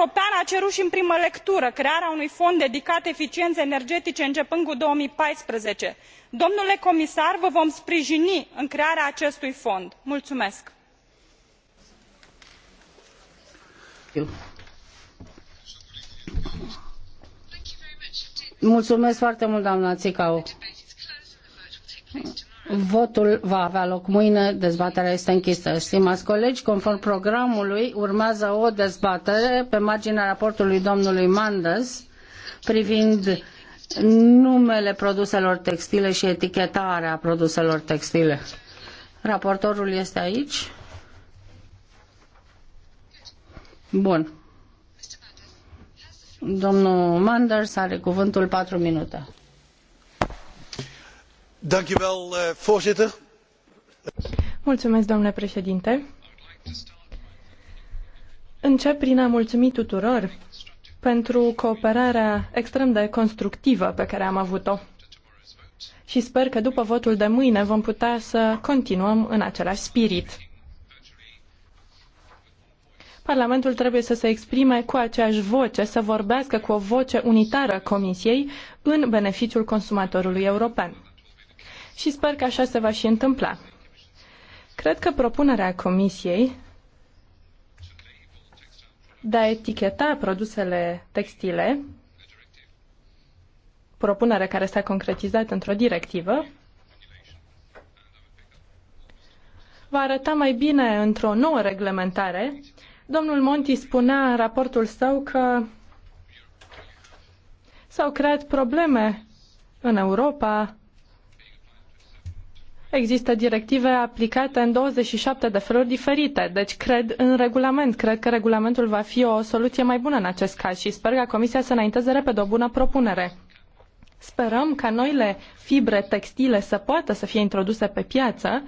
european a cerut i în primă lectură crearea unui fond dedicat eficienei energetice începând cu. două mii paisprezece domnule comisar vă vom sprijini în crearea acestui fond. foarte mult Votul va avea loc mâine, dezbaterea este închisă. Stimați colegi, conform programului, urmează o dezbatere pe marginea raportului domnului Manders privind numele produselor textile și etichetarea produselor textile. Raportorul este aici. Bun. Domnul Manders are cuvântul patru minute. Eh, voorzitter încep prin a mulumi tuturor pentru cooperarea extrem de constructivă pe care am avut o și sper că după votul de mâine vom putea să continuăm în același spirit. Parlamentul trebuie să se exprime cu aceeași voce, să vorbească cu o voce unitară Comisiei în beneficiul consumatorului european și sper că așa se va și întâmpla. Cred că propunerea Comisiei de a eticheta produsele textile, propunere care s-a concretizat într-o directivă, va arăta mai bine într-o nouă reglementare. Domnul Monti spunea în raportul său că s-au creat probleme în Europa Există directive aplicate în 27 de feluri diferite, deci cred în regulament. Cred că regulamentul va fi o soluție mai bună în acest caz și sper ca Comisia să înainteze repede o bună propunere. Sperăm ca noile fibre textile să poată să fie introduse pe piață.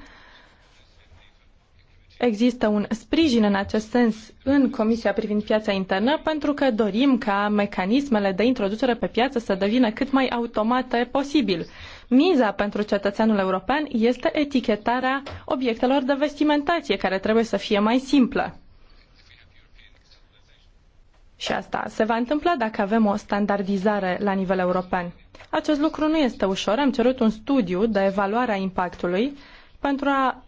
Există un sprijin în acest sens în Comisia privind piața internă pentru că dorim ca mecanismele de introducere pe piață să devină cât mai automate posibil. Miza pentru cetățeanul european este etichetarea obiectelor de vestimentație, care trebuie să fie mai simplă. Și asta se va întâmpla dacă avem o standardizare la nivel european. Acest lucru nu este ușor. Am cerut un studiu de evaluare a impactului pentru a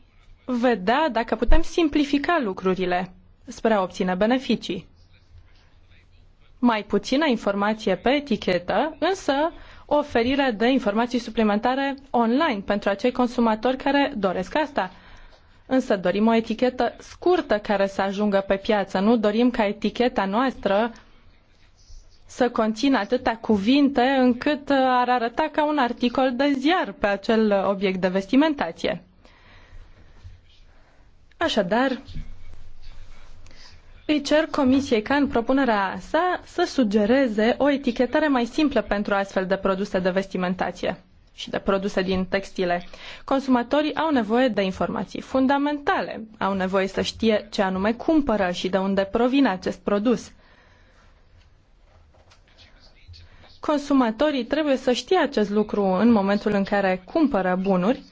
vedea dacă putem simplifica lucrurile spre a obține beneficii. Mai puțină informație pe etichetă, însă oferire de informații suplimentare online pentru acei consumatori care doresc asta. Însă dorim o etichetă scurtă care să ajungă pe piață. Nu dorim ca eticheta noastră să conțină atâtea cuvinte încât ar arăta ca un articol de ziar pe acel obiect de vestimentație. Așadar, îi cer Comisiei ca în propunerea sa să sugereze o etichetare mai simplă pentru astfel de produse de vestimentație și de produse din textile. Consumatorii au nevoie de informații fundamentale, au nevoie să știe ce anume cumpără și de unde provine acest produs. Consumatorii trebuie să știe acest lucru în momentul în care cumpără bunuri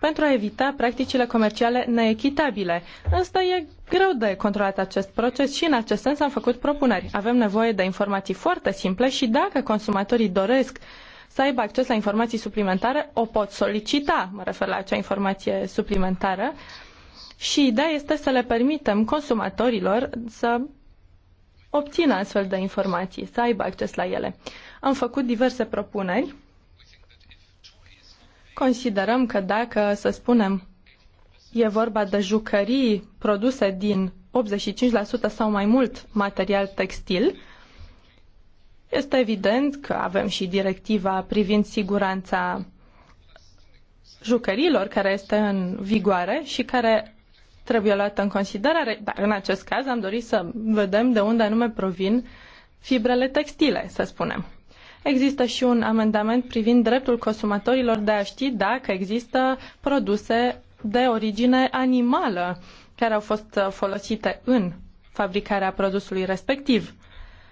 pentru a evita practicile comerciale neechitabile. Însă e greu de controlat acest proces și în acest sens am făcut propuneri. Avem nevoie de informații foarte simple și dacă consumatorii doresc să aibă acces la informații suplimentare, o pot solicita, mă refer la acea informație suplimentară, și ideea este să le permitem consumatorilor să obțină astfel de informații, să aibă acces la ele. Am făcut diverse propuneri. Considerăm că dacă, să spunem, E vorba de jucării produse din 85% sau mai mult material textil. Este evident că avem și directiva privind siguranța jucărilor care este în vigoare și care trebuie luată în considerare, dar în acest caz am dorit să vedem de unde anume provin fibrele textile, să spunem. Există și un amendament privind dreptul consumatorilor de a ști dacă există produse de origine animală care au fost uh, folosite în fabricarea produsului respectiv.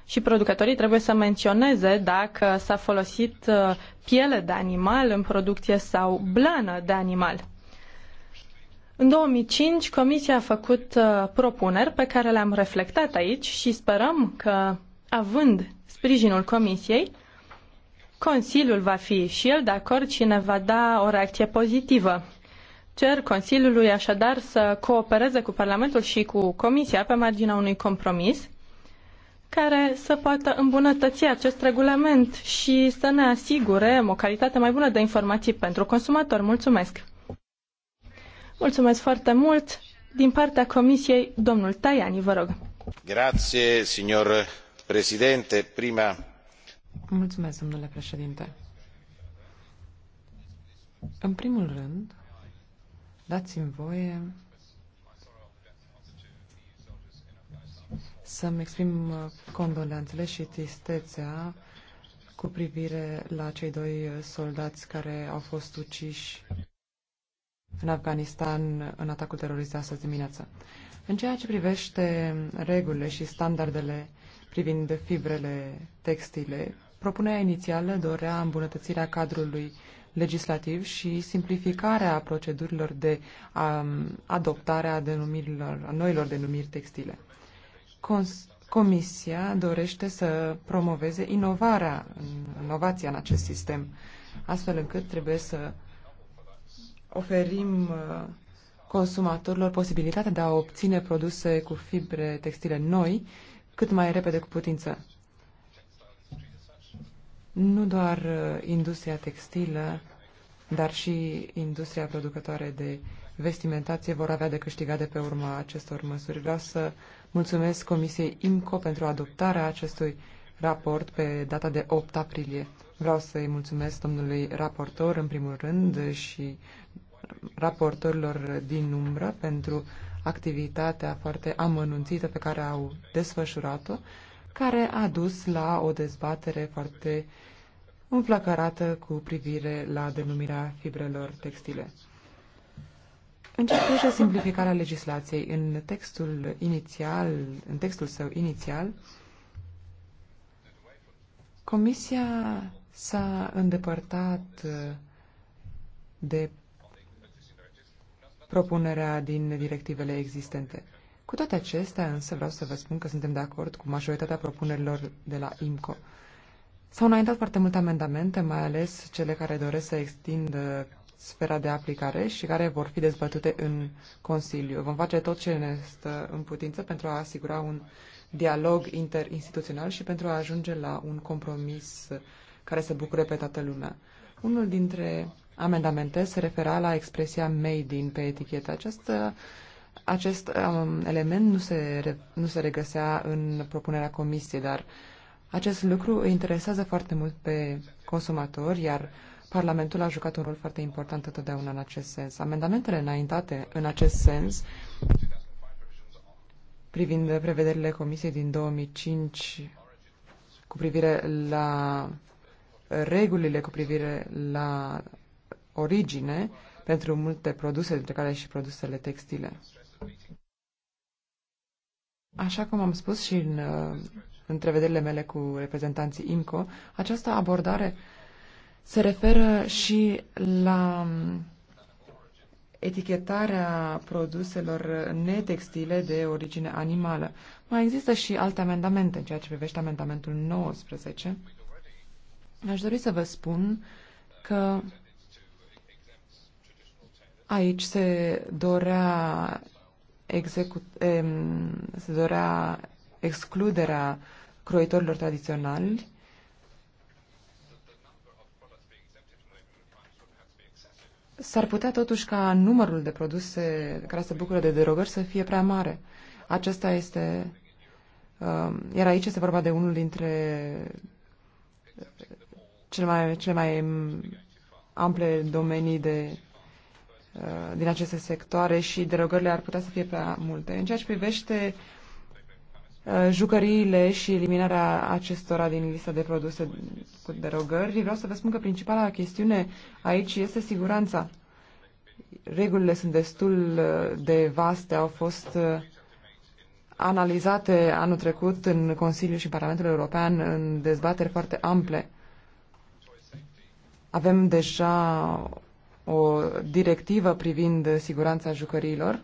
Și producătorii trebuie să menționeze dacă s-a folosit uh, piele de animal în producție sau blană de animal. În 2005, Comisia a făcut uh, propuneri pe care le-am reflectat aici și sperăm că, având sprijinul Comisiei, Consiliul va fi și el de acord și ne va da o reacție pozitivă. Cer Consiliului așadar să coopereze cu Parlamentul și cu Comisia pe marginea unui compromis care să poată îmbunătăți acest regulament și să ne asigure o calitate mai bună de informații pentru consumator. Mulțumesc! Mulțumesc foarte mult! Din partea Comisiei, domnul Tajani, vă rog. Grazie, signor președinte. Prima... Mulțumesc, domnule președinte. În primul rând, Dați-mi voie să-mi exprim uh, condolențele și tristețea cu privire la cei doi uh, soldați care au fost uciși în Afganistan în atacul terorist de astăzi dimineață. În ceea ce privește regulile și standardele privind fibrele textile, propunerea inițială dorea îmbunătățirea cadrului legislativ și simplificarea procedurilor de um, adoptare a, denumirilor, a noilor denumiri textile. Cons- Comisia dorește să promoveze inovarea, inovația în acest sistem, astfel încât trebuie să oferim uh, consumatorilor posibilitatea de a obține produse cu fibre textile noi cât mai repede cu putință nu doar uh, industria textilă, dar și industria producătoare de vestimentație vor avea de câștigat de pe urma acestor măsuri. Vreau să mulțumesc Comisiei IMCO pentru adoptarea acestui raport pe data de 8 aprilie. Vreau să-i mulțumesc domnului raportor, în primul rând, și raportorilor din umbră pentru activitatea foarte amănunțită pe care au desfășurat-o care a dus la o dezbatere foarte înflăcărată cu privire la denumirea fibrelor textile. În ce privește simplificarea legislației, în textul inițial, în textul său inițial, Comisia s-a îndepărtat uh, de propunerea din directivele existente. Cu toate acestea, însă, vreau să vă spun că suntem de acord cu majoritatea propunerilor de la IMCO. S-au înaintat foarte multe amendamente, mai ales cele care doresc să extindă sfera de aplicare și care vor fi dezbătute în Consiliu. Vom face tot ce ne stă în putință pentru a asigura un dialog interinstituțional și pentru a ajunge la un compromis care să bucure pe toată lumea. Unul dintre amendamente se refera la expresia made in pe etichetă. Această acest um, element nu se, re, nu se regăsea în propunerea comisiei, dar acest lucru îi interesează foarte mult pe consumatori, iar Parlamentul a jucat un rol foarte important totdeauna în acest sens. Amendamentele înaintate în acest sens privind prevederile Comisiei din 2005 cu privire la regulile cu privire la origine pentru multe produse, dintre care și produsele textile. Așa cum am spus și în uh, întrevederile mele cu reprezentanții IMCO, această abordare se referă și la um, etichetarea produselor netextile de origine animală. Mai există și alte amendamente în ceea ce privește amendamentul 19. Aș dori să vă spun că aici se dorea execut, se dorea excluderea croitorilor tradiționali S-ar putea totuși ca numărul de produse care se bucură de derogări să fie prea mare. Acesta este... Uh, iar aici este vorba de unul dintre cele mai, cele mai um, ample domenii de Uh, din aceste sectoare și derogările ar putea să fie prea multe. În ceea ce privește uh, jucăriile și eliminarea acestora din lista de produse cu derogări, vreau să vă spun că principala chestiune aici este siguranța. Regulile sunt destul uh, de vaste, au fost analizate anul trecut în Consiliul și în Parlamentul European în dezbateri foarte ample. Avem deja o directivă privind siguranța jucăriilor,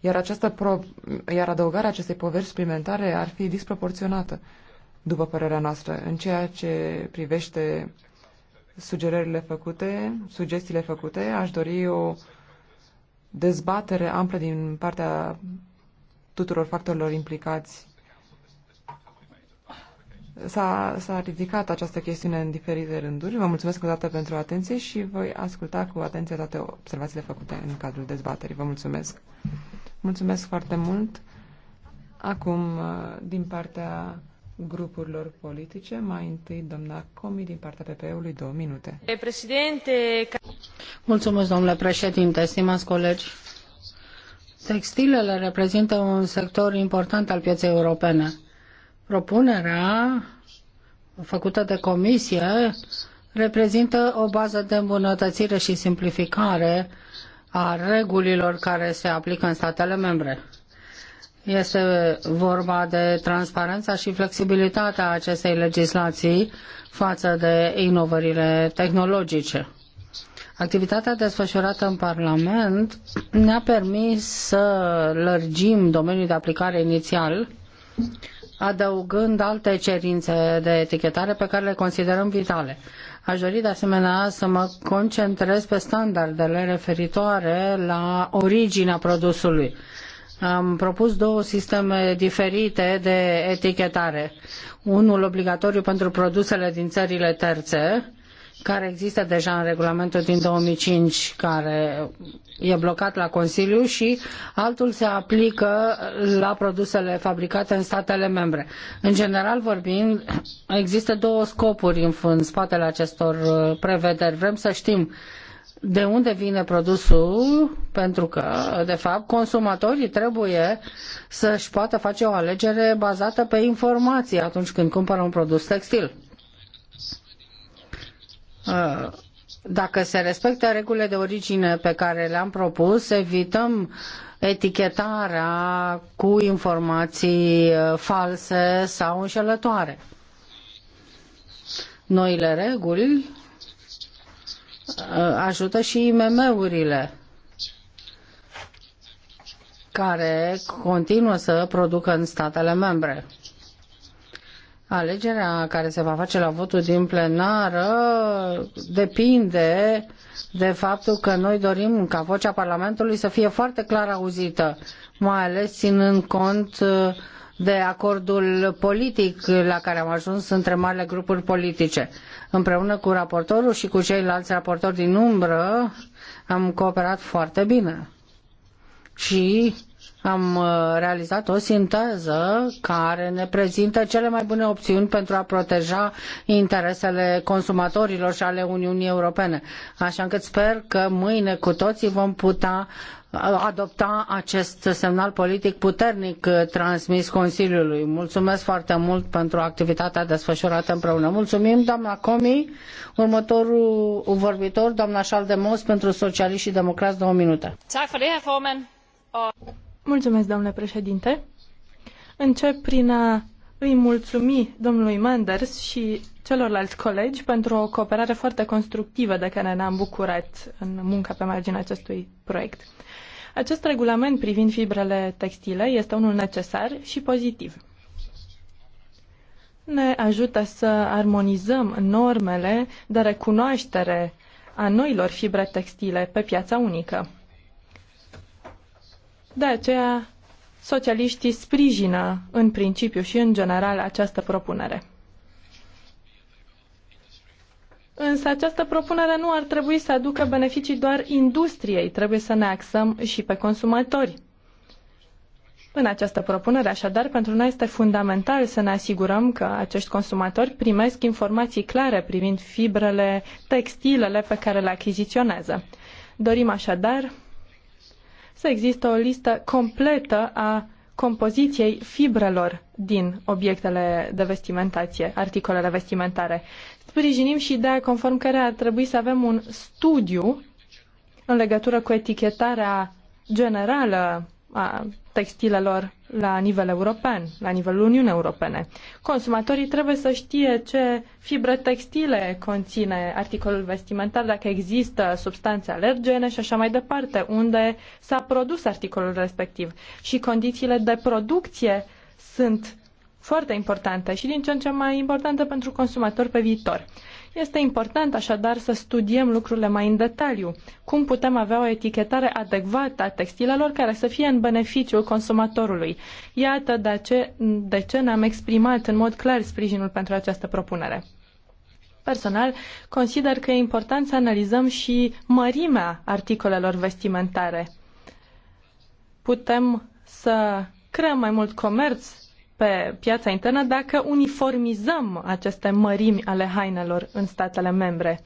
iar, această pro... iar adăugarea acestei poveri suplimentare ar fi disproporționată, după părerea noastră, în ceea ce privește sugerările făcute, sugestiile făcute, aș dori o dezbatere amplă din partea tuturor factorilor implicați S-a, s-a ridicat această chestiune în diferite rânduri. Vă mulțumesc o dată pentru atenție și voi asculta cu atenție toate observațiile făcute în cadrul dezbaterii. Vă mulțumesc. Mulțumesc foarte mult. Acum, uh, din partea grupurilor politice, mai întâi doamna Comi din partea PPE-ului, două minute. Președinte... Mulțumesc, domnule președinte, stimați colegi. Textilele reprezintă un sector important al pieței europene Propunerea făcută de comisie reprezintă o bază de îmbunătățire și simplificare a regulilor care se aplică în statele membre. Este vorba de transparența și flexibilitatea acestei legislații față de inovările tehnologice. Activitatea desfășurată în Parlament ne-a permis să lărgim domeniul de aplicare inițial adăugând alte cerințe de etichetare pe care le considerăm vitale. Aș dori de asemenea să mă concentrez pe standardele referitoare la originea produsului. Am propus două sisteme diferite de etichetare. Unul obligatoriu pentru produsele din țările terțe, care există deja în regulamentul din 2005, care e blocat la Consiliu și altul se aplică la produsele fabricate în statele membre. În general vorbind, există două scopuri în spatele acestor uh, prevederi. Vrem să știm de unde vine produsul, pentru că, de fapt, consumatorii trebuie să-și poată face o alegere bazată pe informații atunci când cumpără un produs textil. Uh, dacă se respectă regulile de origine pe care le-am propus, evităm etichetarea cu informații uh, false sau înșelătoare. Noile reguli uh, ajută și IMM-urile care continuă să producă în statele membre. Alegerea care se va face la votul din plenară depinde de faptul că noi dorim ca vocea Parlamentului să fie foarte clar auzită, mai ales ținând cont de acordul politic la care am ajuns între marile grupuri politice. Împreună cu raportorul și cu ceilalți raportori din umbră am cooperat foarte bine. Și am uh, realizat o sinteză care ne prezintă cele mai bune opțiuni pentru a proteja interesele consumatorilor și ale Uniunii Europene. Așa încât sper că mâine cu toții vom putea uh, adopta acest semnal politic puternic uh, transmis Consiliului. Mulțumesc foarte mult pentru activitatea desfășurată împreună. Mulțumim, doamna Comi. Următorul vorbitor, doamna mos pentru Socialiști și Democrați, două minute. Mulțumesc, Mulțumesc, domnule președinte. Încep prin a îi mulțumi domnului Manders și celorlalți colegi pentru o cooperare foarte constructivă de care ne-am bucurat în munca pe marginea acestui proiect. Acest regulament privind fibrele textile este unul necesar și pozitiv. Ne ajută să armonizăm normele de recunoaștere a noilor fibre textile pe piața unică. De aceea, socialiștii sprijină în principiu și în general această propunere. Însă această propunere nu ar trebui să aducă beneficii doar industriei, trebuie să ne axăm și pe consumatori. În această propunere, așadar, pentru noi este fundamental să ne asigurăm că acești consumatori primesc informații clare privind fibrele, textilele pe care le achiziționează. Dorim așadar să există o listă completă a compoziției fibrelor din obiectele de vestimentație, articolele vestimentare. Sprijinim și ideea conform care ar trebui să avem un studiu în legătură cu etichetarea generală a textilelor la nivel european, la nivelul Uniunii Europene. Consumatorii trebuie să știe ce fibre textile conține articolul vestimentar, dacă există substanțe alergene și așa mai departe, unde s-a produs articolul respectiv. Și condițiile de producție sunt foarte importante și din ce în ce mai importante pentru consumatori pe viitor. Este important așadar să studiem lucrurile mai în detaliu. Cum putem avea o etichetare adecvată a textilelor care să fie în beneficiul consumatorului? Iată de ce, de ce ne-am exprimat în mod clar sprijinul pentru această propunere. Personal, consider că e important să analizăm și mărimea articolelor vestimentare. Putem să creăm mai mult comerț pe piața internă dacă uniformizăm aceste mărimi ale hainelor în statele membre.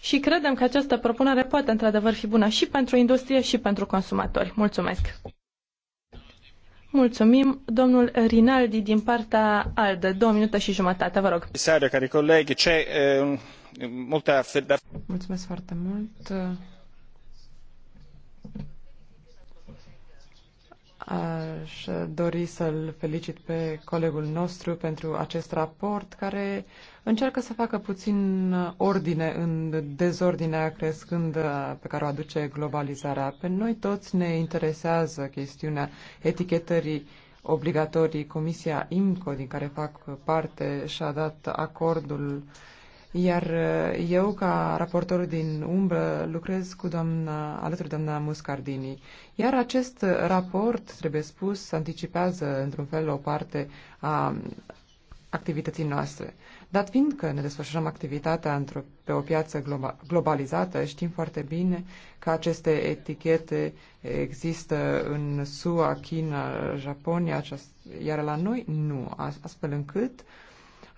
Și credem că această propunere poate într-adevăr fi bună și pentru industrie și pentru consumatori. Mulțumesc! Mulțumim, domnul Rinaldi, din partea ALDE. Două minute și jumătate, vă rog. Comisar, cari colegi, ce, eh, multă... Mulțumesc foarte mult. Aș dori să-l felicit pe colegul nostru pentru acest raport care încearcă să facă puțin ordine în dezordinea crescândă pe care o aduce globalizarea. Pe noi toți ne interesează chestiunea etichetării obligatorii. Comisia IMCO, din care fac parte, și-a dat acordul uh, iar uh, eu, ca raportor din umbră, lucrez cu doamna, alături de doamna Muscardini. Iar acest raport, trebuie spus, anticipează într-un fel o parte a activității noastre. Dat fiind că ne desfășurăm activitatea într-o, pe o piață globa, globalizată, știm foarte bine că aceste etichete există în SUA, China, Japonia, iar la noi nu, astfel încât uh,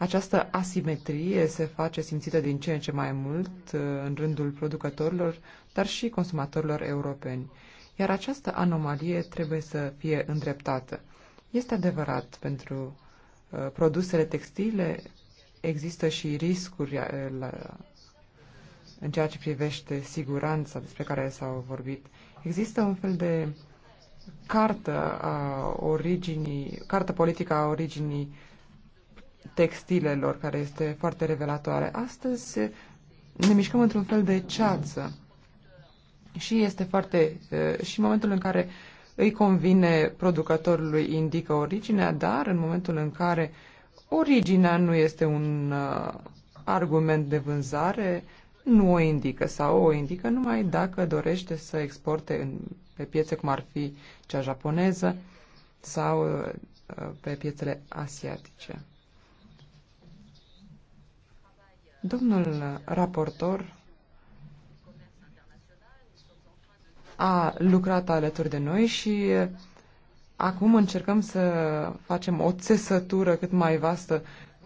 această asimetrie se face simțită din ce în ce mai mult uh, în rândul producătorilor, dar și consumatorilor europeni. Iar această anomalie trebuie să fie îndreptată. Este adevărat, pentru uh, produsele textile există și riscuri uh, la, în ceea ce privește siguranța despre care s-au vorbit. Există un fel de cartă a originii, cartă politică a originii textilelor, care este foarte revelatoare. Astăzi ne mișcăm într-un fel de ceață și este foarte... Eh, și în momentul în care îi convine producătorului indică originea, dar în momentul în care originea nu este un eh, argument de vânzare, nu o indică sau o indică numai dacă dorește să exporte în, pe piețe cum ar fi cea japoneză sau eh, pe piețele asiatice. Domnul raportor a lucrat alături de noi și acum încercăm să facem o țesătură cât mai vastă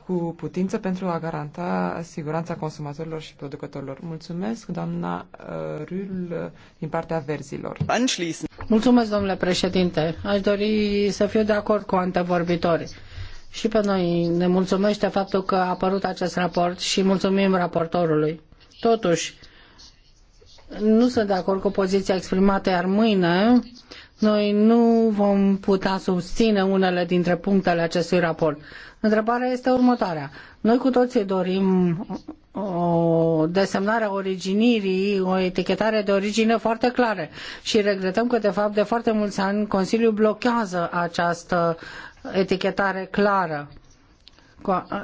cu putință pentru a garanta siguranța consumatorilor și producătorilor. Mulțumesc, doamna uh, Rul, uh, din partea verzilor. Mulțumesc, domnule președinte. Aș dori să fiu de acord cu antevorbitorii și pe noi ne mulțumește faptul că a apărut acest raport și mulțumim raportorului. Totuși, nu sunt de acord cu poziția exprimată, iar mâine noi nu vom putea susține unele dintre punctele acestui raport. Întrebarea este următoarea. Noi cu toții dorim o desemnare a originirii, o etichetare de origine foarte clară și regretăm că, de fapt, de foarte mulți ani Consiliul blochează această etichetare clară.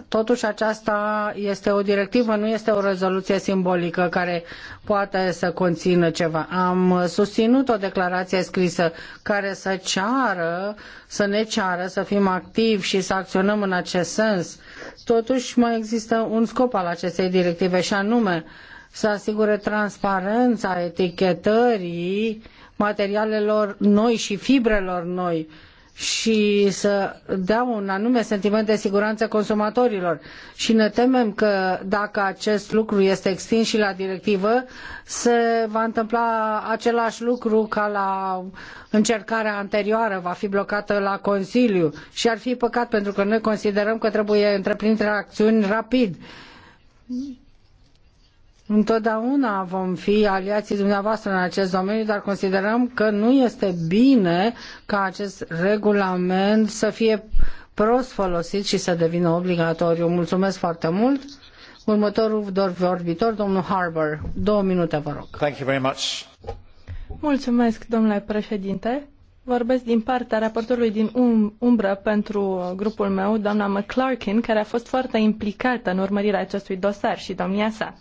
Totuși aceasta este o directivă, nu este o rezoluție simbolică care poate să conțină ceva. Am susținut o declarație scrisă care să ceară, să ne ceară să fim activi și să acționăm în acest sens. Totuși mai există un scop al acestei directive și anume să asigure transparența etichetării materialelor noi și fibrelor noi și să dea un anume sentiment de siguranță consumatorilor. Și ne temem că dacă acest lucru este extins și la directivă, se va întâmpla același lucru ca la încercarea anterioară, va fi blocată la Consiliu și ar fi păcat pentru că noi considerăm că trebuie întreprindere acțiuni rapid Întotdeauna vom fi aliații dumneavoastră în acest domeniu, dar considerăm că nu este bine ca acest regulament să fie prost folosit și să devină obligatoriu. Mulțumesc foarte mult. Următorul vorbitor, domnul Harbour. Două minute, vă rog. Thank you very much. Mulțumesc, domnule președinte. Vorbesc din partea raportorului din um- umbră pentru grupul meu, doamna McClarkin, care a fost foarte implicată în urmărirea acestui dosar și domnia sa.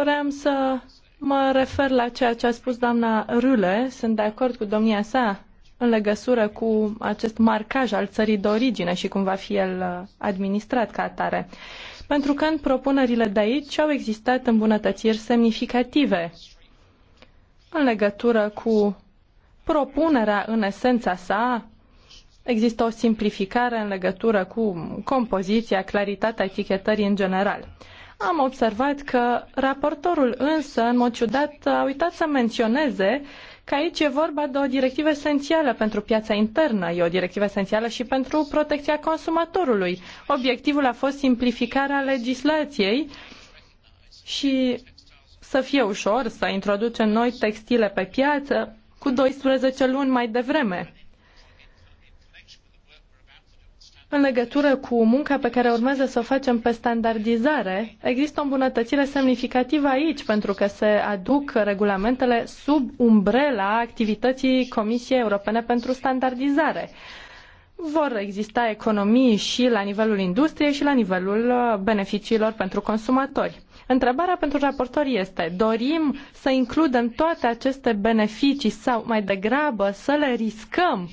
Doream să mă refer la ceea ce a spus doamna Rule. Sunt de acord cu domnia sa în legătură cu acest marcaj al țării de origine și cum va fi el uh, administrat ca atare. Pentru că în propunerile de aici au existat îmbunătățiri semnificative în legătură cu propunerea în esența sa, există o simplificare în legătură cu compoziția, claritatea etichetării în general. Am observat că raportorul însă, în mod ciudat, a uitat să menționeze că aici e vorba de o directivă esențială pentru piața internă, e o directivă esențială și pentru protecția consumatorului. Obiectivul a fost simplificarea legislației și să fie ușor să introducem noi textile pe piață cu 12 luni mai devreme. În legătură cu munca pe care urmează să o facem pe standardizare, există o îmbunătățire semnificativă aici, pentru că se aduc regulamentele sub umbrela activității Comisiei Europene pentru Standardizare. Vor exista economii și la nivelul industriei și la nivelul uh, beneficiilor pentru consumatori. Întrebarea pentru raportor este, dorim să includem toate aceste beneficii sau mai degrabă să le riscăm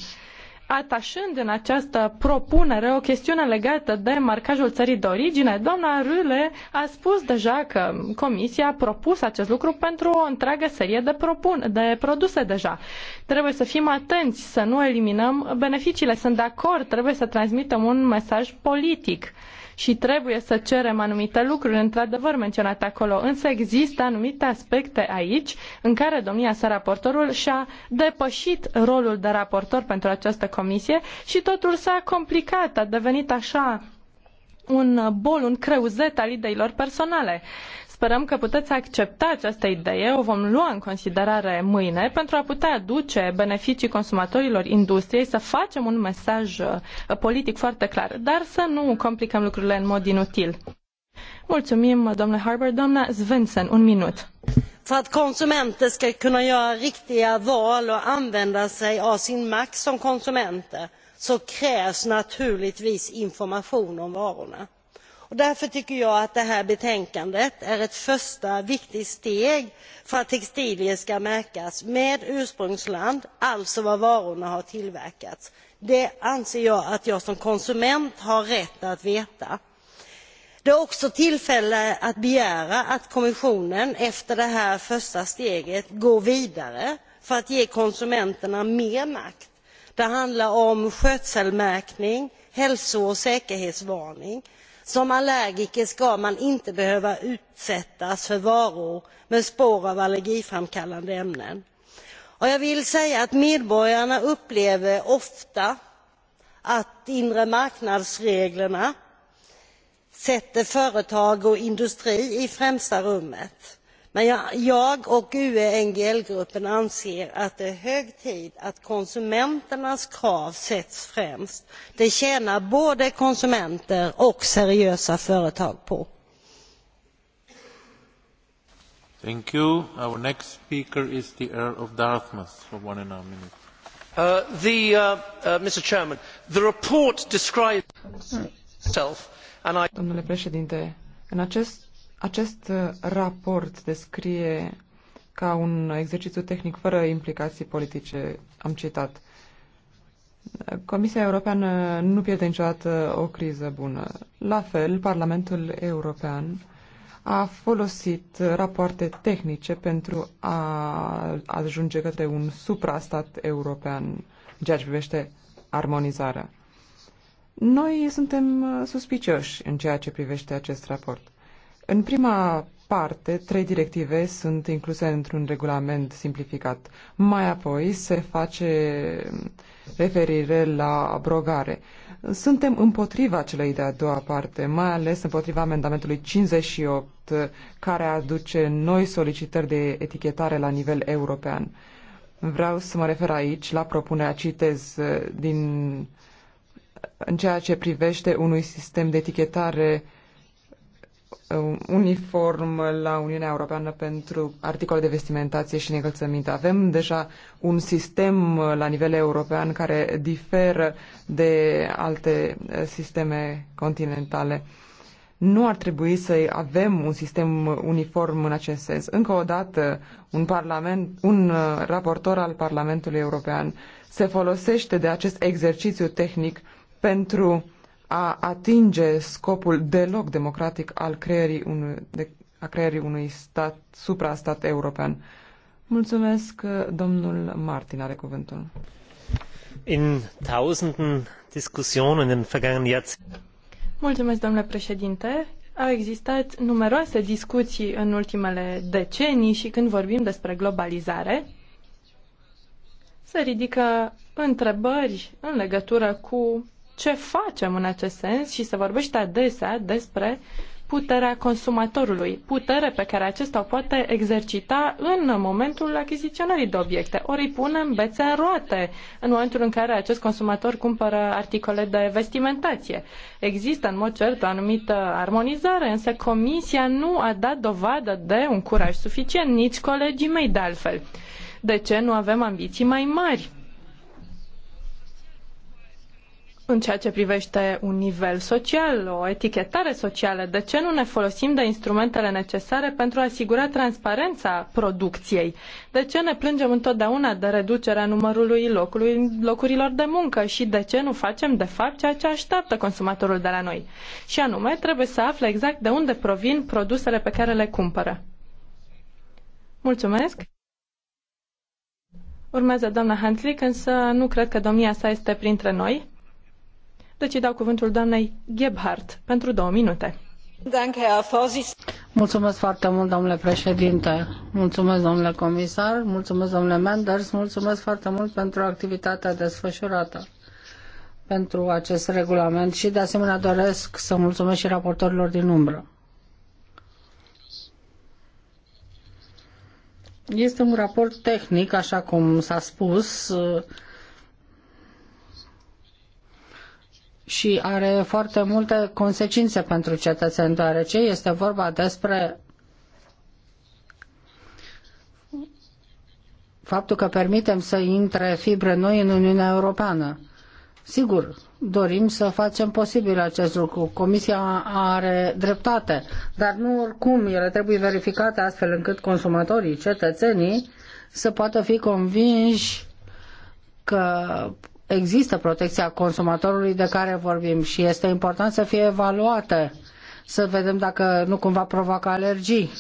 atașând în această propunere o chestiune legată de marcajul țării de origine, doamna Râle a spus deja că Comisia a propus acest lucru pentru o întreagă serie de, propun- de produse deja. Trebuie să fim atenți, să nu eliminăm beneficiile. Sunt de acord, trebuie să transmitem un mesaj politic și trebuie să cerem anumite lucruri, într-adevăr menționate acolo, însă există anumite aspecte aici în care domnia sa raportorul și-a depășit rolul de raportor pentru această comisie și totul s-a complicat, a devenit așa un bol, un creuzet al ideilor personale. Sperăm că puteți accepta această idee, o vom lua în considerare mâine pentru a putea aduce beneficii consumatorilor industriei, să facem un mesaj uh, politic foarte clar, dar să nu complicăm lucrurile în mod inutil. Mulțumim, domnule Harbour. Doamna Svensson, un minut. För att konsumenter ska kunna göra riktiga val och använda sig av sin makt som konsumenter så krävs naturligtvis information om varorna därför tycker jag att det här betänkandet är ett första viktigt steg för att textilier ska märkas med ursprungsland alltså var varorna har tillverkats. Det anser jag att jag som konsument har rätt att veta. Det är också tillfälle att begära att kommissionen efter det här första steget går vidare för att ge konsumenterna mer makt. Det handlar om skötselmärkning och hälso och säkerhetsvarning. Som allergiker ska man inte behöva utsättas för varor med spår av allergiframkallande ämnen. Medborgarna upplever ofta att inremarknadsreglerna sätter företag och industri i främsta rummet men jag och gue ngl gruppen anser att det är hög tid att konsumenternas krav sätts främst. det tjänar både konsumenter och seriösa företag på. domnule președinte în acest acest uh, raport descrie ca un exercițiu tehnic fără implicații politice, am citat. Comisia Europeană nu pierde niciodată o criză bună. La fel, Parlamentul European a folosit rapoarte tehnice pentru a ajunge către un suprastat european în ceea ce privește armonizarea. Noi suntem uh, suspicioși în ceea ce privește acest raport. În prima parte, trei directive sunt incluse într-un regulament simplificat. Mai apoi se face referire la abrogare. Suntem împotriva celei de-a doua parte, mai ales împotriva amendamentului 58, care aduce noi solicitări de etichetare la nivel european. Vreau să mă refer aici la propunerea, citez, din, în ceea ce privește unui sistem de etichetare uh, Uh, uniform la Uniunea Europeană pentru articole de vestimentație și încălțăminte. Avem deja un sistem uh, la nivel european care diferă de alte uh, sisteme continentale. Nu ar trebui să avem un sistem uniform în acest sens. Încă o dată, un, parlament, un raportor al Parlamentului European se folosește de acest exercițiu tehnic pentru a atinge scopul deloc democratic al creierii unui, de, a creierii unui stat, supra-stat european. Mulțumesc, domnul Martin are cuvântul. In tausenden Diskussionen in den vergangenen Jahrzehnten. Mulțumesc, domnule președinte. Au existat numeroase discuții în ultimele decenii și când vorbim despre globalizare, se ridică întrebări în legătură cu ce facem în acest sens și se vorbește adesea despre puterea consumatorului, putere pe care acesta o poate exercita în momentul achiziționării de obiecte. Ori îi punem bețe în roate în momentul în care acest consumator cumpără articole de vestimentație. Există în mod cert o anumită armonizare, însă comisia nu a dat dovadă de un curaj suficient, nici colegii mei de altfel. De ce nu avem ambiții mai mari? în ceea ce privește un nivel social, o etichetare socială, de ce nu ne folosim de instrumentele necesare pentru a asigura transparența producției? De ce ne plângem întotdeauna de reducerea numărului locului, locurilor de muncă și de ce nu facem de fapt ceea ce așteaptă consumatorul de la noi? Și anume, trebuie să afle exact de unde provin produsele pe care le cumpără. Mulțumesc! Urmează doamna Hanslick, însă nu cred că domnia sa este printre noi. Deci îi dau cuvântul doamnei Gebhardt pentru două minute. Mulțumesc foarte mult, domnule președinte. Mulțumesc, domnule comisar. Mulțumesc, domnule Menders. Mulțumesc foarte mult pentru activitatea desfășurată pentru acest regulament și de asemenea doresc să mulțumesc și raportorilor din umbră. Este un raport tehnic, așa cum s-a spus, și are foarte multe consecințe pentru cetățeni, deoarece este vorba despre faptul că permitem să intre fibre noi în Uniunea Europeană. Sigur, dorim să facem posibil acest lucru. Comisia are dreptate, dar nu oricum ele trebuie verificate astfel încât consumatorii, cetățenii, să poată fi convinși că există protecția consumatorului de care vorbim și este important să fie evaluată, să vedem dacă nu cumva provoacă alergii.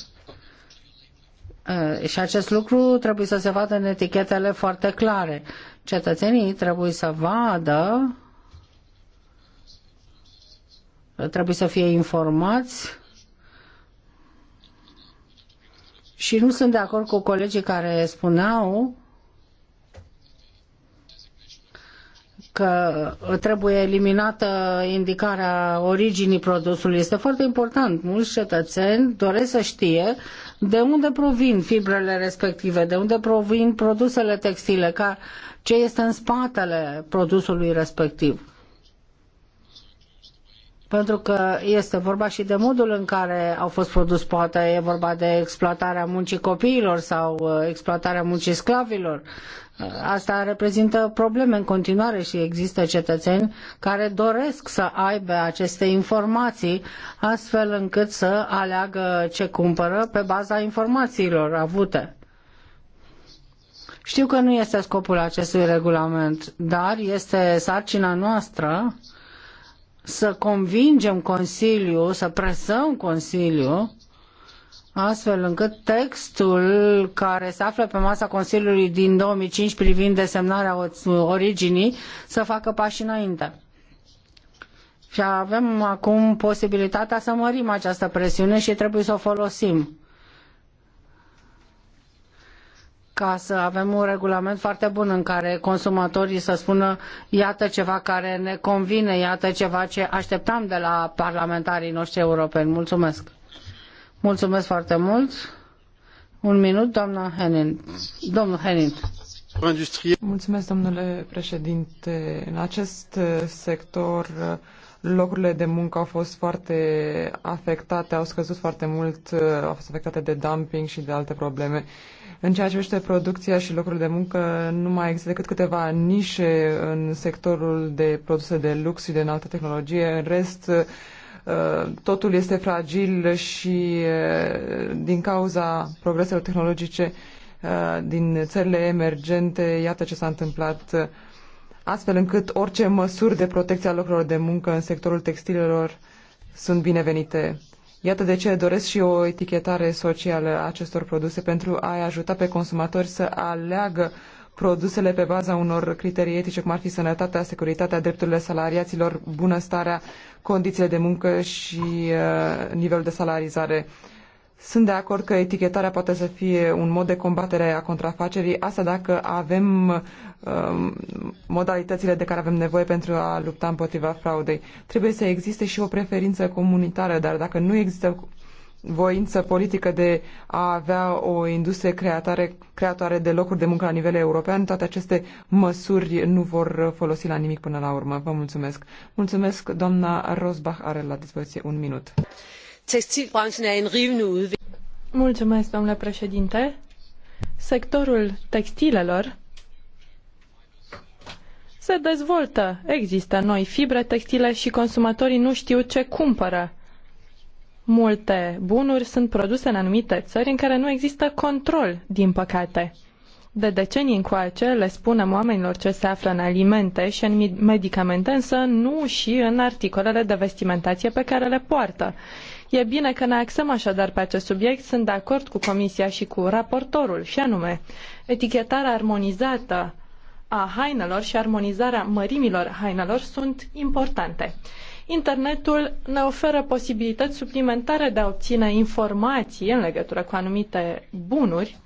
Și acest lucru trebuie să se vadă în etichetele foarte clare. Cetățenii trebuie să vadă, trebuie să fie informați și nu sunt de acord cu colegii care spuneau că trebuie eliminată indicarea originii produsului. Este foarte important. Mulți cetățeni doresc să știe de unde provin fibrele respective, de unde provin produsele textile, ca ce este în spatele produsului respectiv pentru că este vorba și de modul în care au fost produs, poate e vorba de exploatarea muncii copiilor sau uh, exploatarea muncii sclavilor. Uh, asta reprezintă probleme în continuare și există cetățeni care doresc să aibă aceste informații astfel încât să aleagă ce cumpără pe baza informațiilor avute. Știu că nu este scopul acestui regulament, dar este sarcina noastră uh, să convingem Consiliul, să presăm Consiliul, astfel încât textul care se află pe masa Consiliului din 2005 privind desemnarea originii să facă pași înainte. Și avem acum posibilitatea să mărim această presiune și trebuie să o folosim. ca să avem un regulament foarte bun în care consumatorii să spună iată ceva care ne convine, iată ceva ce așteptam de la parlamentarii noștri europeni. Mulțumesc! Mulțumesc foarte mult! Un minut, doamna Henin. Domnul Henin. Mulțumesc, domnule președinte. În acest sector locurile de muncă au fost foarte afectate, au scăzut foarte mult, uh, au fost afectate de dumping și de alte probleme. În ceea ce privește producția și locurile de muncă, nu mai există decât câteva nișe în sectorul de produse de lux și de înaltă tehnologie. În rest, uh, totul este fragil și uh, din cauza progreselor tehnologice din țările emergente, iată ce s-a întâmplat astfel încât orice măsuri de protecție a locurilor de muncă în sectorul textilelor sunt binevenite. Iată de ce doresc și o etichetare socială a acestor produse pentru a-i ajuta pe consumatori să aleagă produsele pe baza unor criterii etice, cum ar fi sănătatea, securitatea, drepturile salariaților, bunăstarea, condițiile de muncă și uh, nivelul de salarizare uh, sunt de acord că etichetarea poate să fie un mod de combatere a contrafacerii, asta dacă avem um, modalitățile de care avem nevoie pentru a lupta împotriva fraudei. Trebuie să existe și o preferință comunitară, dar dacă nu există voință politică de a avea o industrie creatare, creatoare de locuri de muncă la nivel european, toate aceste măsuri nu vor folosi la nimic până la urmă. Vă mulțumesc. Mulțumesc, doamna Rosbach are la dispoziție un minut. Er domnule președinte. Sectorul textilelor se dezvoltă. Există noi fibre textile și consumatorii nu știu ce cumpără. Multe bunuri sunt produse în anumite țări în care nu există control, din păcate. De decenii încoace le spunem oamenilor ce se află în alimente și în medicamente, însă nu și în articolele de vestimentație pe care le poartă. E bine că ne axăm așadar pe acest subiect, sunt de acord cu Comisia și cu raportorul, și anume etichetarea armonizată a hainelor și armonizarea mărimilor hainelor sunt importante. Internetul ne oferă posibilități suplimentare de a obține informații în legătură cu anumite bunuri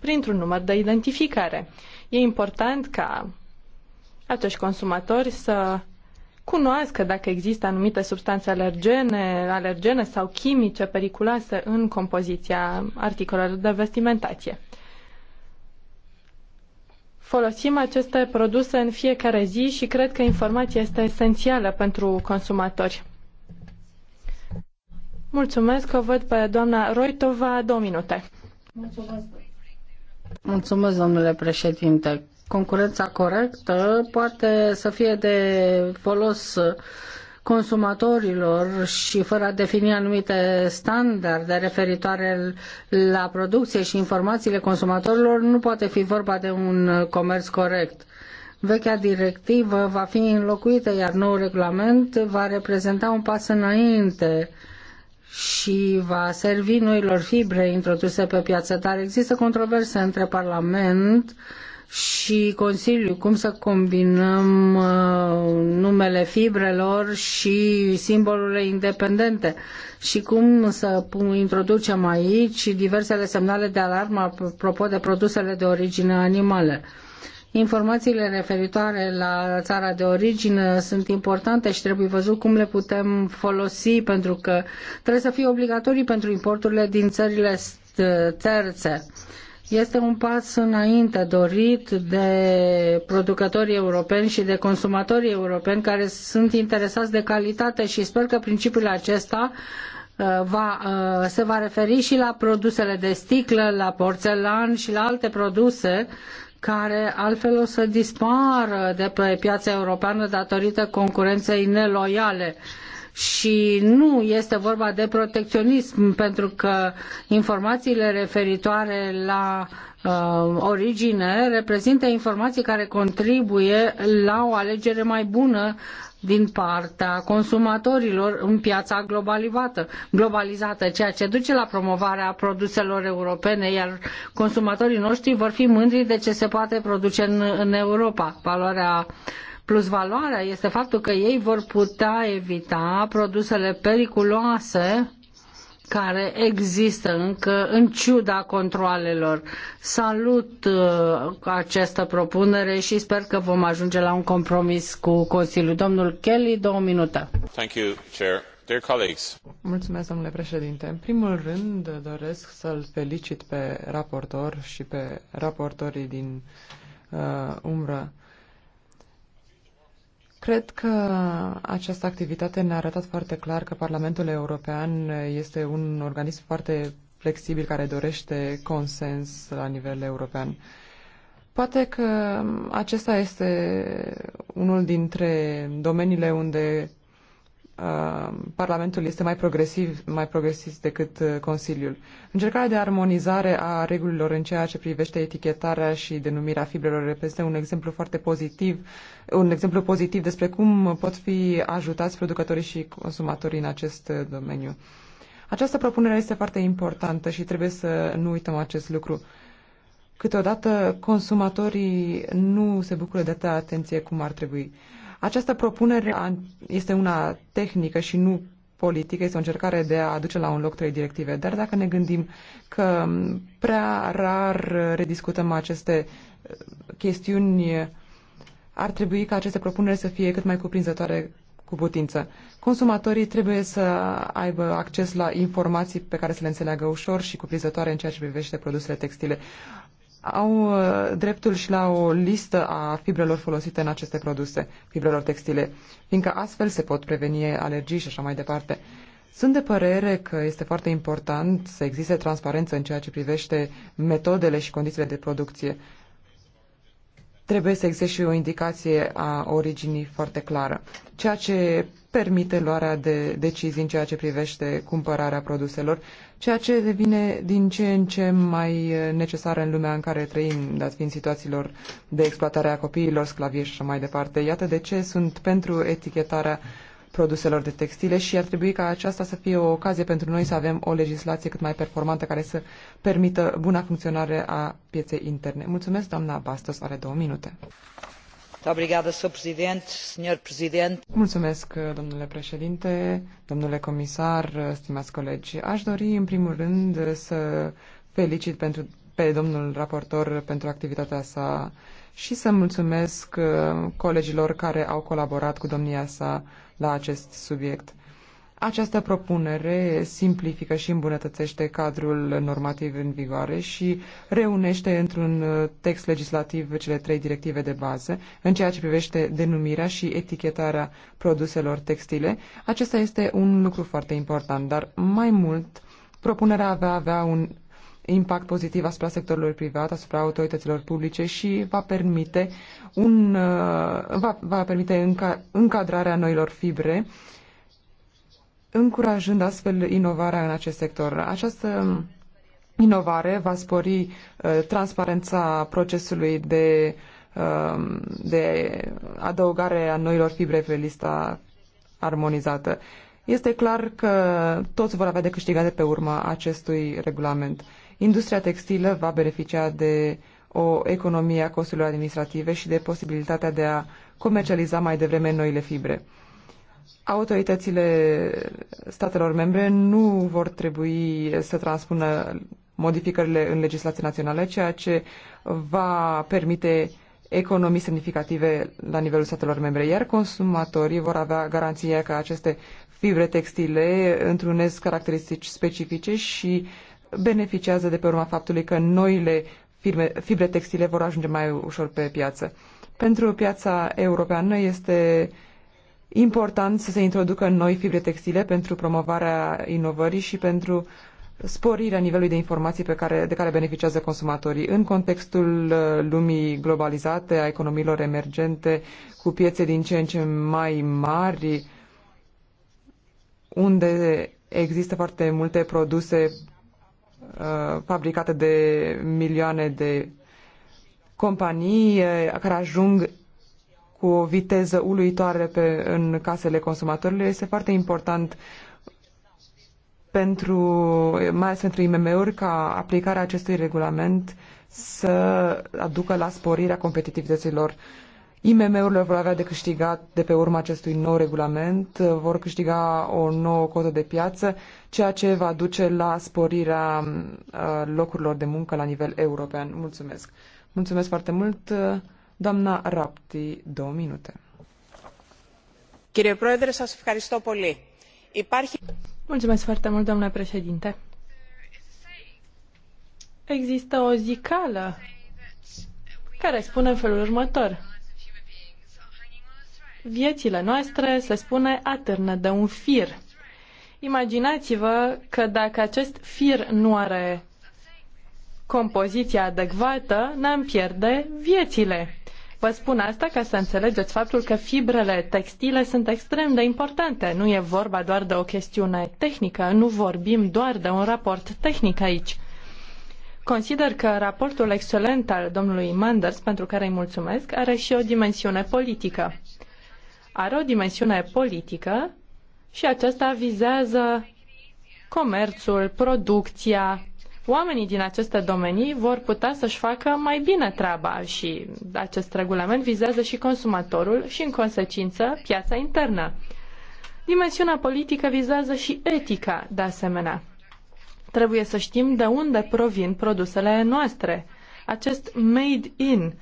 printr-un număr de identificare. E important ca acești consumatori să cunoască dacă există anumite substanțe alergene, alergene sau chimice periculoase în compoziția articolelor de vestimentație. Folosim aceste produse în fiecare zi și cred că informația este esențială pentru consumatori. Mulțumesc, o văd pe doamna Roitova, două minute. Mulțumesc. Mulțumesc, domnule președinte concurența corectă poate să fie de folos consumatorilor și fără a defini anumite standarde referitoare la producție și informațiile consumatorilor, nu poate fi vorba de un comerț corect. Vechea directivă va fi înlocuită, iar noul regulament va reprezenta un pas înainte și va servi noilor fibre introduse pe piață, dar există controverse între Parlament uh, și Consiliu, cum să combinăm uh, numele fibrelor și simbolurile independente și cum să introducem aici diversele semnale de alarmă apropo de produsele de origine animală. Informațiile referitoare la țara de origine sunt importante și trebuie văzut cum le putem folosi pentru că trebuie să fie obligatorii pentru importurile din țările terțe este un pas înainte dorit de producătorii europeni și de consumatorii europeni care sunt interesați de calitate și sper că principiul acesta uh, va, uh, se va referi și la produsele de sticlă, la porțelan și la alte produse care altfel o să dispară de pe piața europeană datorită concurenței neloiale. Uh, și nu este vorba de protecționism, pentru că informațiile referitoare la uh, origine reprezintă informații care contribuie la o alegere mai bună din partea consumatorilor în piața globalizată, globalizată, ceea ce duce la promovarea produselor europene, iar consumatorii noștri vor fi mândri de ce se poate produce în, în Europa. Valoarea uh, Plus valoarea este faptul că ei vor putea evita produsele periculoase care există încă în ciuda controalelor. Salut uh, această propunere și sper că vom ajunge la un compromis cu Consiliul. Domnul Kelly, două minute. Thank you, Chair. Dear colleagues. Mulțumesc, domnule președinte. În primul rând doresc să-l felicit pe raportor și pe raportorii din uh, umbră Cred că această activitate ne-a arătat foarte clar că Parlamentul European este un organism foarte flexibil care dorește consens la nivel european. Poate că acesta este unul dintre domeniile unde Uh, Parlamentul este mai progresiv, mai progresist decât uh, Consiliul. Încercarea de armonizare a regulilor în ceea ce privește etichetarea și denumirea fibrelor reprezintă un exemplu foarte pozitiv, un exemplu pozitiv despre cum pot fi ajutați producătorii și consumatorii în acest uh, domeniu. Această propunere este foarte importantă și trebuie să nu uităm acest lucru. Câteodată consumatorii nu se bucură de atâta atenție cum ar trebui. Uh, această propunere este una tehnică și nu politică, este o încercare de a aduce la un loc trei directive. Dar dacă ne gândim că prea rar rediscutăm aceste uh, chestiuni, ar trebui ca aceste propuneri să fie cât mai cuprinzătoare cu putință. Consumatorii trebuie să aibă acces la informații pe care să le înțeleagă ușor și cuprinzătoare în ceea ce privește produsele textile au uh, dreptul și la o listă a fibrelor folosite în aceste produse, fibrelor textile, fiindcă astfel se pot preveni alergii și așa mai departe. Sunt de părere că este foarte important să existe transparență în ceea ce privește metodele și condițiile de producție trebuie să existe și o indicație a originii foarte clară, ceea ce permite luarea de decizii în ceea ce privește cumpărarea produselor, ceea ce devine din ce în ce mai necesară în lumea în care trăim, dat fiind situațiilor de exploatare a copiilor, sclavie și așa mai departe. Iată de ce sunt pentru etichetarea uh, produselor de textile și ar trebui ca aceasta să fie o ocazie pentru noi să avem o legislație cât mai performantă care să permită buna funcționare a pieței interne. Mulțumesc, doamna Bastos, are două minute. Mulțumesc, domnule președinte, domnule comisar, stimați colegi. Aș dori, în primul rând, să felicit pentru, pe domnul raportor pentru activitatea sa și să mulțumesc uh, colegilor care au colaborat cu domnia sa la acest subiect. Această propunere simplifică și îmbunătățește cadrul normativ în vigoare și reunește într-un uh, text legislativ cele trei directive de bază în ceea ce privește denumirea și etichetarea produselor textile. Acesta este un lucru foarte important, dar mai mult propunerea avea avea un impact pozitiv asupra sectorului privat, asupra autorităților publice și va permite, un, uh, va, va permite înca, încadrarea noilor fibre, încurajând astfel inovarea în acest sector. Această inovare va spori uh, transparența procesului de, uh, de adăugare a noilor fibre pe lista armonizată. Este clar că toți vor avea de câștigat de pe urma acestui regulament. Industria textilă va beneficia de o economie a costurilor administrative și de posibilitatea de a comercializa mai devreme noile fibre. Autoritățile statelor membre nu vor trebui să transpună modificările în legislație națională, ceea ce va permite economii semnificative la nivelul statelor membre, iar consumatorii vor avea garanția că aceste fibre textile întrunesc caracteristici specifice și beneficiază de pe urma faptului că noile firme, fibre textile vor ajunge mai ușor pe piață. Pentru piața europeană este important să se introducă noi fibre textile pentru promovarea inovării și pentru sporirea nivelului de informații pe care, de care beneficiază consumatorii. În contextul uh, lumii globalizate, a economiilor emergente, cu piețe din ce în ce mai mari, unde există foarte multe produse Uh, fabricate de milioane de companii uh, care ajung cu o viteză uluitoare pe, în casele consumatorilor este foarte important pentru, mai ales pentru IMM-uri, ca aplicarea acestui regulament să aducă la sporirea competitivității lor IMM-urile vor avea de câștigat de pe urma acestui nou regulament, vor câștiga o nouă cotă de piață, ceea ce va duce la sporirea uh, locurilor de muncă la nivel european. Mulțumesc! Mulțumesc foarte mult, doamna Rapti, două minute. Κύριε Πρόεδρε, σας ευχαριστώ πολύ. Υπάρχει... Mulțumesc foarte mult, domnule președinte. Există o zicală care spune în felul următor Viețile noastre, se spune, atârnă de un fir. Imaginați-vă că dacă acest fir nu are compoziția adecvată, ne-am pierde viețile. Vă spun asta ca să înțelegeți faptul că fibrele textile sunt extrem de importante. Nu e vorba doar de o chestiune tehnică, nu vorbim doar de un raport tehnic aici. Consider că raportul excelent al domnului Manders, pentru care îi mulțumesc, are și o dimensiune politică are o dimensiune politică și acesta vizează comerțul, producția. Oamenii din aceste domenii vor putea să-și facă mai bine treaba și acest regulament vizează și consumatorul și, în consecință, piața internă. Dimensiunea politică vizează și etica, de asemenea. Trebuie să știm de unde provin produsele noastre. Acest made in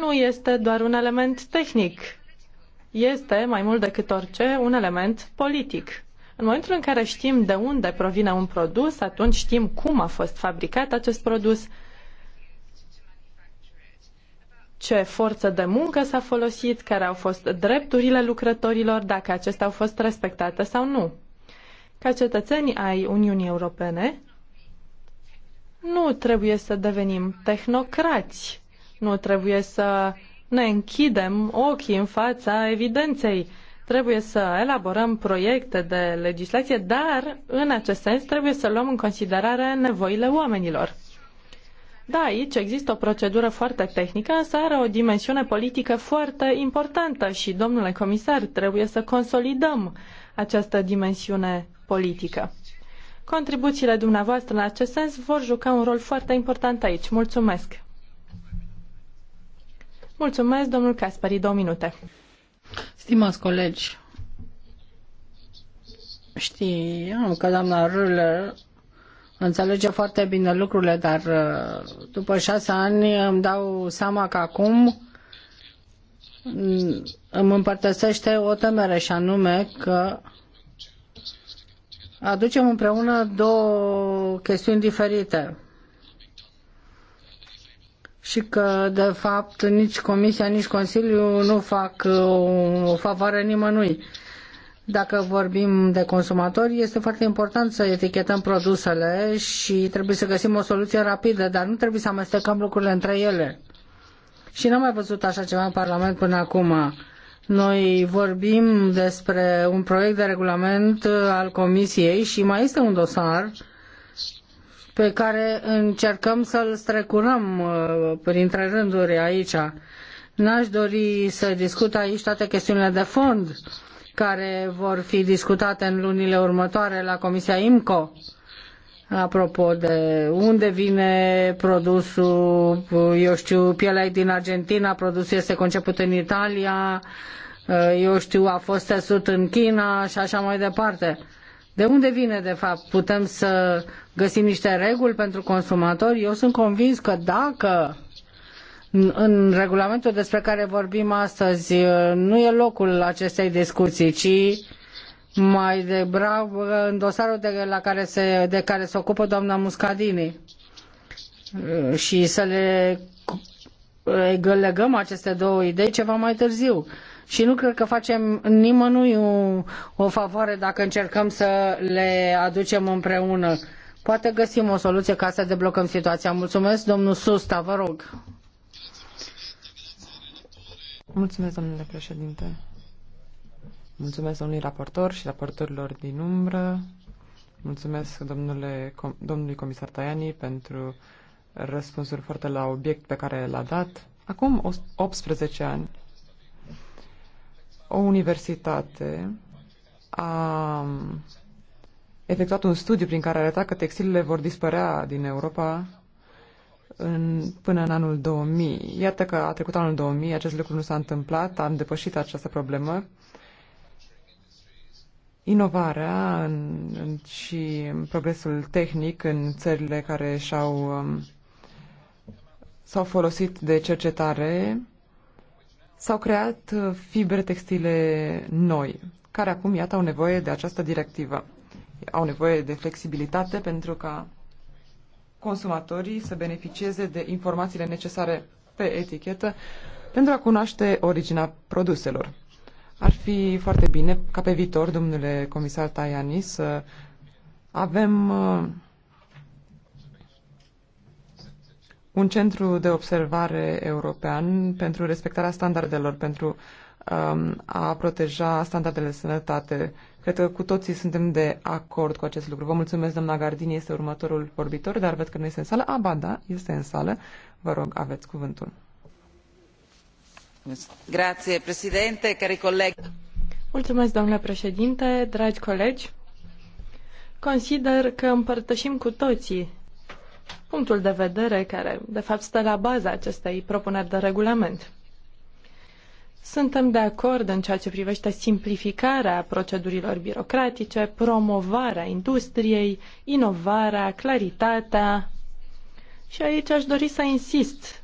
nu este doar un element tehnic, este, mai mult decât orice, un element politic. În momentul în care știm de unde provine un produs, atunci știm cum a fost fabricat acest produs, ce forță de muncă s-a folosit, care au fost drepturile lucrătorilor, dacă acestea au fost respectate sau nu. Ca cetățeni ai Uniunii Europene, nu trebuie să devenim tehnocrați, nu trebuie să ne închidem ochii în fața evidenței. Trebuie să elaborăm proiecte de legislație, dar în acest sens trebuie să luăm în considerare nevoile oamenilor. Da, aici există o procedură foarte tehnică, însă are o dimensiune politică foarte importantă și, domnule comisar, trebuie să consolidăm această dimensiune politică. Contribuțiile dumneavoastră în acest sens vor juca un rol foarte important aici. Mulțumesc! Mulțumesc, domnul Caspari, două minute. Stimați colegi, știam că doamna Ruller înțelege foarte bine lucrurile, dar uh, după șase ani îmi dau seama că acum mm, îmi împărtăsește o temere și anume că aducem împreună două chestiuni diferite și că, de fapt, nici Comisia, nici Consiliul nu fac uh, o favoare nimănui. Dacă vorbim de consumatori, este foarte important să etichetăm produsele și trebuie să găsim o soluție rapidă, dar nu trebuie să amestecăm lucrurile între ele. Și n-am mai văzut așa ceva în Parlament până acum. Noi vorbim despre un proiect de regulament uh, al Comisiei și mai este un dosar uh, pe care încercăm să-l strecurăm uh, printre rânduri aici. N-aș dori să discut aici toate chestiunile de fond care vor fi discutate în lunile următoare la Comisia IMCO. Apropo de unde vine produsul, eu știu, pielea e din Argentina, produsul este conceput în Italia, uh, eu știu, a fost tesut în China și așa mai departe. De unde vine, de fapt? Putem să găsim niște reguli pentru consumatori? Eu sunt convins că dacă în regulamentul despre care vorbim astăzi uh, nu e locul acestei discuții, ci mai brav în dosarul de, la care se, de care se ocupă doamna Muscadini uh, și să le legăm aceste două idei ceva mai târziu și nu cred că facem nimănui o favoare dacă încercăm să le aducem împreună. Poate găsim o soluție ca să deblocăm situația. Mulțumesc, domnul Susta, vă rog. Mulțumesc, domnule președinte. Mulțumesc domnului raportor și raportorilor din umbră. Mulțumesc domnule, com, domnului comisar Tajani pentru răspunsul foarte la obiect pe care l-a dat. Acum 18 ani, o universitate a efectuat un studiu prin care arăta că textilele vor dispărea din Europa în, până în anul 2000. Iată că a trecut anul 2000, acest lucru nu s-a întâmplat, am depășit această problemă. Inovarea în, în, și progresul tehnic în țările care și-au, um, s-au folosit de cercetare s-au creat uh, fibre textile noi, care acum, iată, au nevoie de această directivă. Au nevoie de flexibilitate pentru ca consumatorii să beneficieze de informațiile necesare pe etichetă pentru a cunoaște originea produselor. Ar fi foarte bine ca pe viitor, domnule comisar Tajani, să avem uh, un centru de observare european pentru respectarea standardelor, pentru um, a proteja standardele de sănătate. Cred că cu toții suntem de acord cu acest lucru. Vă mulțumesc, doamna Gardini, este următorul vorbitor, dar văd că nu este în sală. Aba, da, este în sală. Vă rog, aveți cuvântul. Grazie, președinte, cari colegi. Mulțumesc, domnule președinte, dragi colegi. Consider că împărtășim cu toții punctul de vedere care, de fapt, stă la baza acestei propuneri de regulament. Suntem de acord în ceea ce privește simplificarea procedurilor birocratice, promovarea industriei, inovarea, claritatea. Și aici aș dori să insist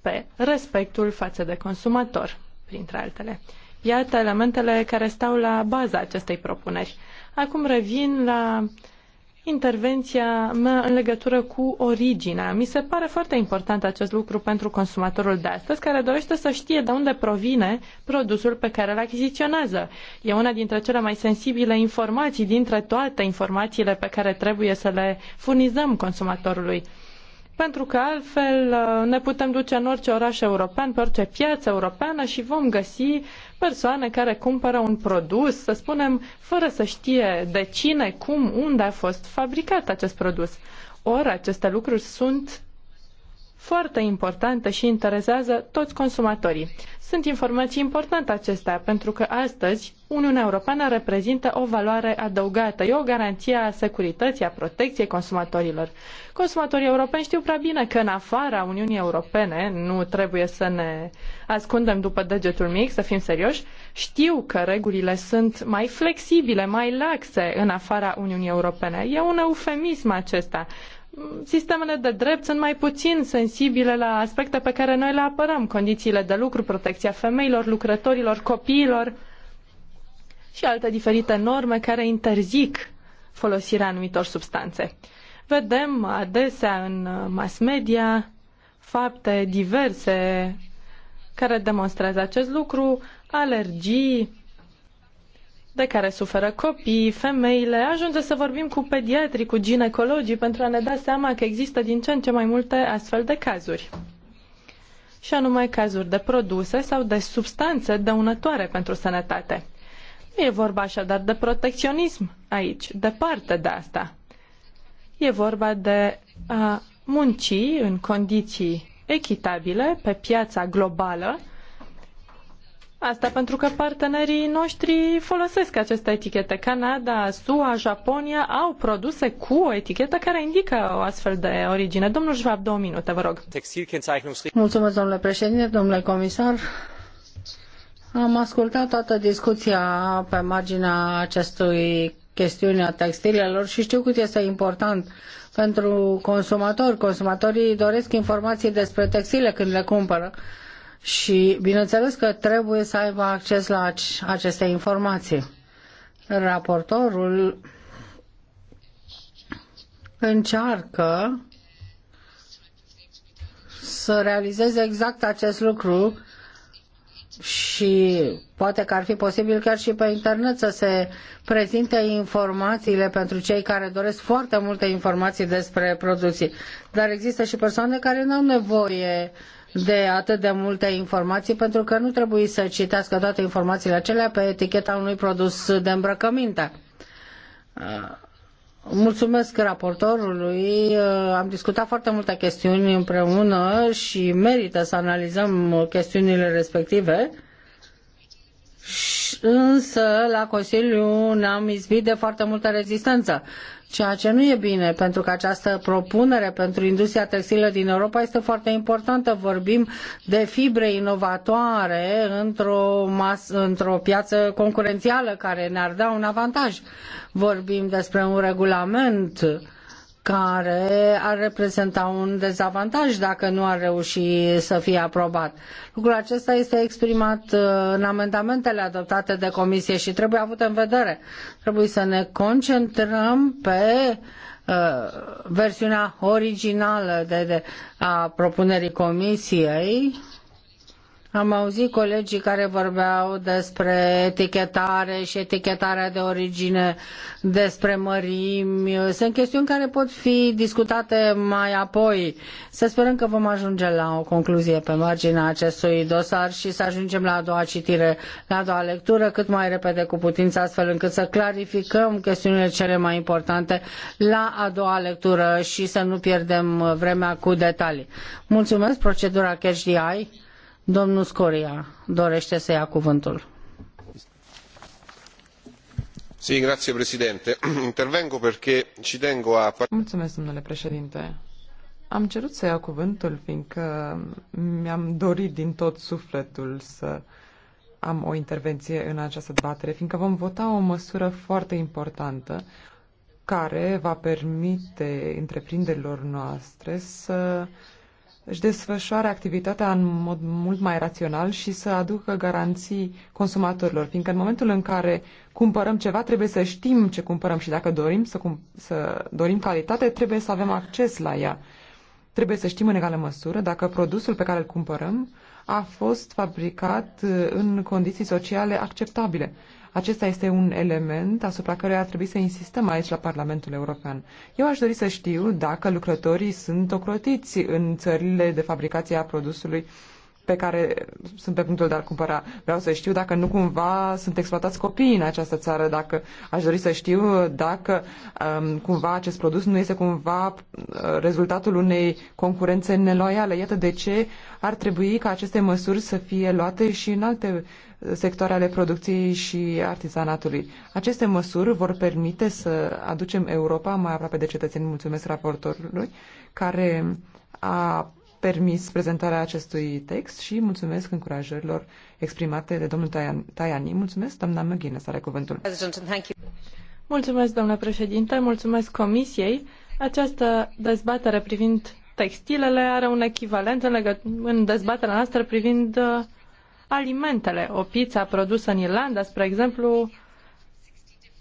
pe respectul față de consumator, printre altele. Iată elementele care stau la baza acestei propuneri. Acum revin la uh, intervenția mea în legătură cu originea. Mi se pare foarte important acest lucru pentru consumatorul de astăzi, care dorește să știe de unde provine produsul pe care îl achiziționează. E una dintre cele mai sensibile informații dintre toate informațiile pe care trebuie să le furnizăm consumatorului pentru că altfel uh, ne putem duce în orice oraș european, pe orice piață europeană și vom găsi persoane care cumpără un produs, să spunem, fără să știe de cine, cum, unde a fost fabricat acest produs. Ori aceste lucruri sunt foarte importantă și interesează toți consumatorii. Sunt informații importante acestea, pentru că astăzi Uniunea Europeană reprezintă o valoare adăugată, e o garanție a securității, a protecției consumatorilor. Consumatorii europeni știu prea bine că în afara Uniunii Europene, nu trebuie să ne ascundem după degetul mic, să fim serioși, știu că regulile sunt mai flexibile, mai laxe în afara Uniunii Europene. E un eufemism acesta sistemele de drept sunt mai puțin sensibile la aspecte pe care noi le apărăm, condițiile de lucru, protecția femeilor, lucrătorilor, copiilor și alte diferite norme care interzic folosirea anumitor substanțe. Vedem adesea în mass media fapte diverse care demonstrează acest lucru, alergii, de care suferă copiii, femeile. Ajunge să vorbim cu pediatri, cu ginecologii pentru a ne da seama că există din ce în ce mai multe astfel de cazuri. Și anume cazuri de produse sau de substanțe dăunătoare pentru sănătate. Nu e vorba așadar de protecționism aici, departe de asta. E vorba de a munci în condiții echitabile pe piața globală Asta pentru că partenerii noștri folosesc aceste etichete. Canada, SUA, Japonia au produse cu o etichetă care indică o astfel de origine. Domnul Jvab, două minute, vă rog. Mulțumesc, domnule președinte, domnule comisar. Am ascultat toată discuția pe marginea acestui chestiune a textilelor și știu cât este important pentru consumatori. Consumatorii doresc informații despre textile când le cumpără și bineînțeles că trebuie să aibă acces la aceste informații. Raportorul încearcă să realizeze exact acest lucru și poate că ar fi posibil chiar și pe internet să se prezinte informațiile pentru cei care doresc foarte multe informații despre producții. Dar există și persoane care nu au nevoie uh, de atât de multe informații pentru că nu trebuie să citească toate informațiile acelea pe eticheta unui produs de îmbrăcăminte. Uh, mulțumesc raportorului. Uh, am discutat foarte multe chestiuni împreună și merită să analizăm chestiunile respective însă la Consiliu ne-am izbit de foarte multă rezistență, ceea ce nu e bine, pentru că această propunere pentru industria textilă din Europa este foarte importantă. Vorbim de fibre inovatoare într-o, mas- într-o piață concurențială care ne-ar da un avantaj. Vorbim despre un regulament care ar reprezenta un dezavantaj dacă nu ar reuși să fie aprobat. Lucrul acesta este exprimat uh, în amendamentele adoptate de comisie și trebuie avut în vedere. Trebuie să ne concentrăm pe uh, versiunea originală de, de, a propunerii comisiei am auzit colegii care vorbeau despre etichetare și etichetarea de origine, despre mărimi. Sunt chestiuni care pot fi discutate mai apoi. Să sperăm că vom ajunge la o concluzie pe marginea acestui dosar și să ajungem la a doua citire, la a doua lectură, cât mai repede cu putință, astfel încât să clarificăm chestiunile cele mai importante la a doua lectură și să nu pierdem vremea cu detalii. Mulțumesc, procedura Catch Domnul Scoria dorește să ia cuvântul. Sì, grazie Presidente. Intervengo perché ci tengo a... Mulțumesc, domnule președinte. Am cerut să iau cuvântul, fiindcă mi-am dorit din tot sufletul să am o intervenție în această dezbatere, fiindcă vom vota o măsură foarte importantă care va permite întreprinderilor noastre să își desfășoare activitatea în mod mult mai rațional și să aducă garanții consumatorilor, fiindcă în momentul în care cumpărăm ceva, trebuie să știm ce cumpărăm și dacă dorim să, cum- să dorim calitate, trebuie să avem acces la ea. Trebuie să știm în egală măsură dacă produsul pe care îl cumpărăm a fost fabricat uh, în condiții sociale acceptabile. Acesta este un element asupra căruia ar trebui să insistăm aici la Parlamentul European. Eu aș dori să știu dacă lucrătorii sunt ocrotiți în țările de fabricație a produsului uh, pe care sunt pe punctul de a-l cumpăra. Vreau să știu dacă nu cumva sunt exploatați copiii în această țară, dacă aș dori să știu dacă um, cumva acest produs nu este cumva uh, rezultatul unei concurențe neloiale. Iată de ce ar trebui ca aceste măsuri să fie luate și în alte sectoare ale producției și artizanatului. Aceste măsuri vor permite să aducem Europa mai aproape de cetățeni. Mulțumesc raportorului care a permis prezentarea acestui text și mulțumesc încurajărilor exprimate de domnul Tajani. Mulțumesc, doamna McGuinness, are cuvântul. Mulțumesc, domnule președinte, mulțumesc comisiei. Această dezbatere privind textilele are un echivalent în, legă- în dezbaterea noastră privind uh, alimentele. O pizza produsă în Irlanda, spre exemplu,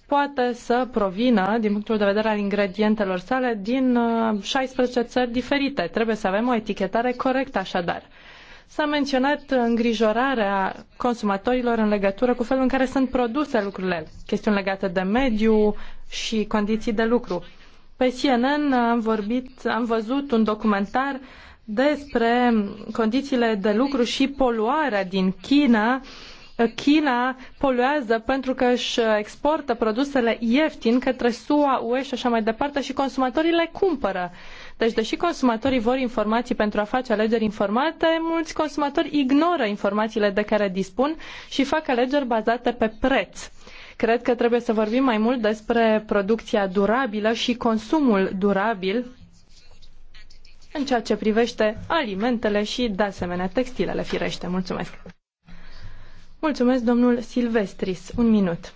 poate să provină, din punctul de vedere al ingredientelor sale, din 16 uh, țări diferite. Trebuie să avem o etichetare corectă așadar. S-a menționat îngrijorarea consumatorilor în legătură cu felul în care sunt produse lucrurile, chestiuni legate de mediu și condiții de lucru. Pe CNN am, vorbit, am văzut un documentar despre condițiile de lucru și poluarea din China, China poluează pentru că își exportă produsele ieftin către SUA, UE și așa mai departe și consumatorii le cumpără. Deci, deși consumatorii vor informații pentru a face alegeri informate, mulți consumatori ignoră informațiile de care dispun și fac alegeri bazate pe preț. Cred că trebuie să vorbim mai mult despre producția durabilă și consumul durabil în ceea ce privește alimentele și, de asemenea, textilele firește. Mulțumesc! Mulțumesc, domnul Silvestris. Un minut.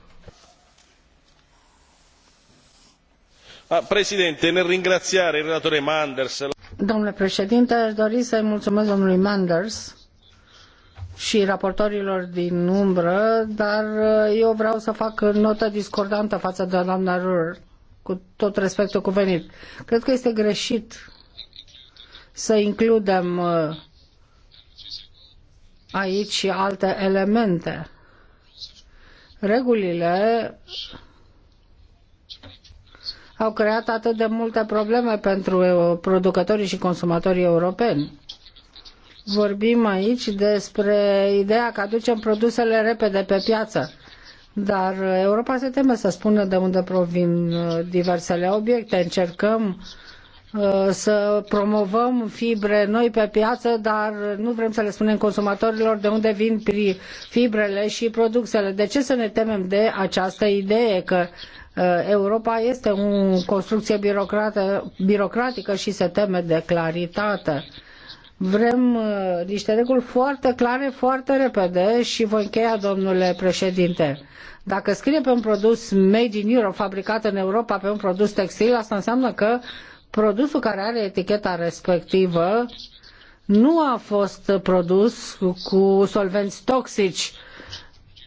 Ah, președinte, nel ringraziare il Manders. Domnule președinte, aș dori să-i mulțumesc domnului Manders și raportorilor din umbră, dar uh, eu vreau să fac notă discordantă față de doamna Rur, cu tot respectul cuvenit. Cred că este greșit să includem uh, aici și alte elemente. Regulile au creat atât de multe probleme pentru producătorii și consumatorii europeni. Vorbim aici despre ideea că aducem produsele repede pe piață, dar Europa se teme să spună de unde provin diversele obiecte. Încercăm uh, Uh, să promovăm fibre noi pe piață, dar nu vrem să le spunem consumatorilor de unde vin fibrele și produsele. De ce să ne temem de această idee că uh, Europa este o construcție birocratică și se teme de claritate? Vrem uh, niște reguli foarte clare, foarte repede și voi încheia, domnule președinte. Dacă scrie pe un produs Made in Europe, fabricat în Europa, pe un produs textil, asta înseamnă că uh, produsul care are eticheta respectivă nu a fost produs cu solvenți toxici,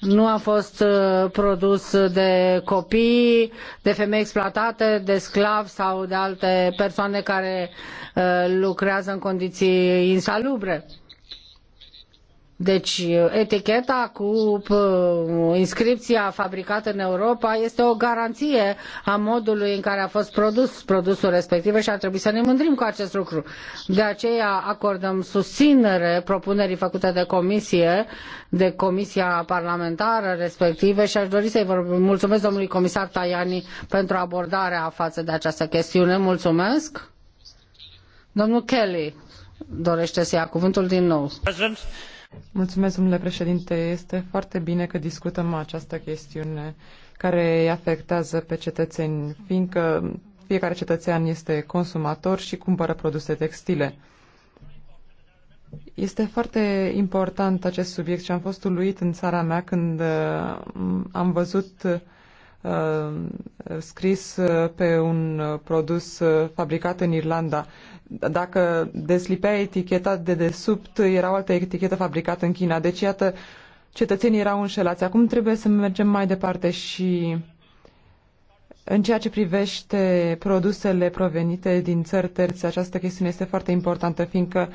nu a fost uh, produs de copii, de femei exploatate, de sclavi sau de alte persoane care uh, lucrează în condiții insalubre. Deci eticheta cu inscripția fabricată în Europa este o garanție a modului în care a fost produs produsul respectiv și ar trebui să ne mândrim cu acest lucru. De aceea acordăm susținere propunerii făcute de comisie, de comisia parlamentară respectivă și aș dori să-i mulțumesc domnului comisar Tajani pentru abordarea față de această chestiune. Mulțumesc. Domnul Kelly dorește să ia cuvântul din nou. President. Mulțumesc, domnule președinte. Este foarte bine că discutăm această chestiune care îi afectează pe cetățeni, fiindcă fiecare cetățean este consumator și cumpără produse textile. Este foarte important acest subiect și am fost uluit în țara mea când uh, am văzut Uh, scris uh, pe un uh, produs fabricat în Irlanda. Dacă deslipea eticheta de desubt, era o altă etichetă fabricată în China. Deci, iată, cetățenii erau înșelați. Acum trebuie să mergem mai departe și în ceea ce privește produsele provenite din țări terțe, această chestiune este foarte importantă, fiindcă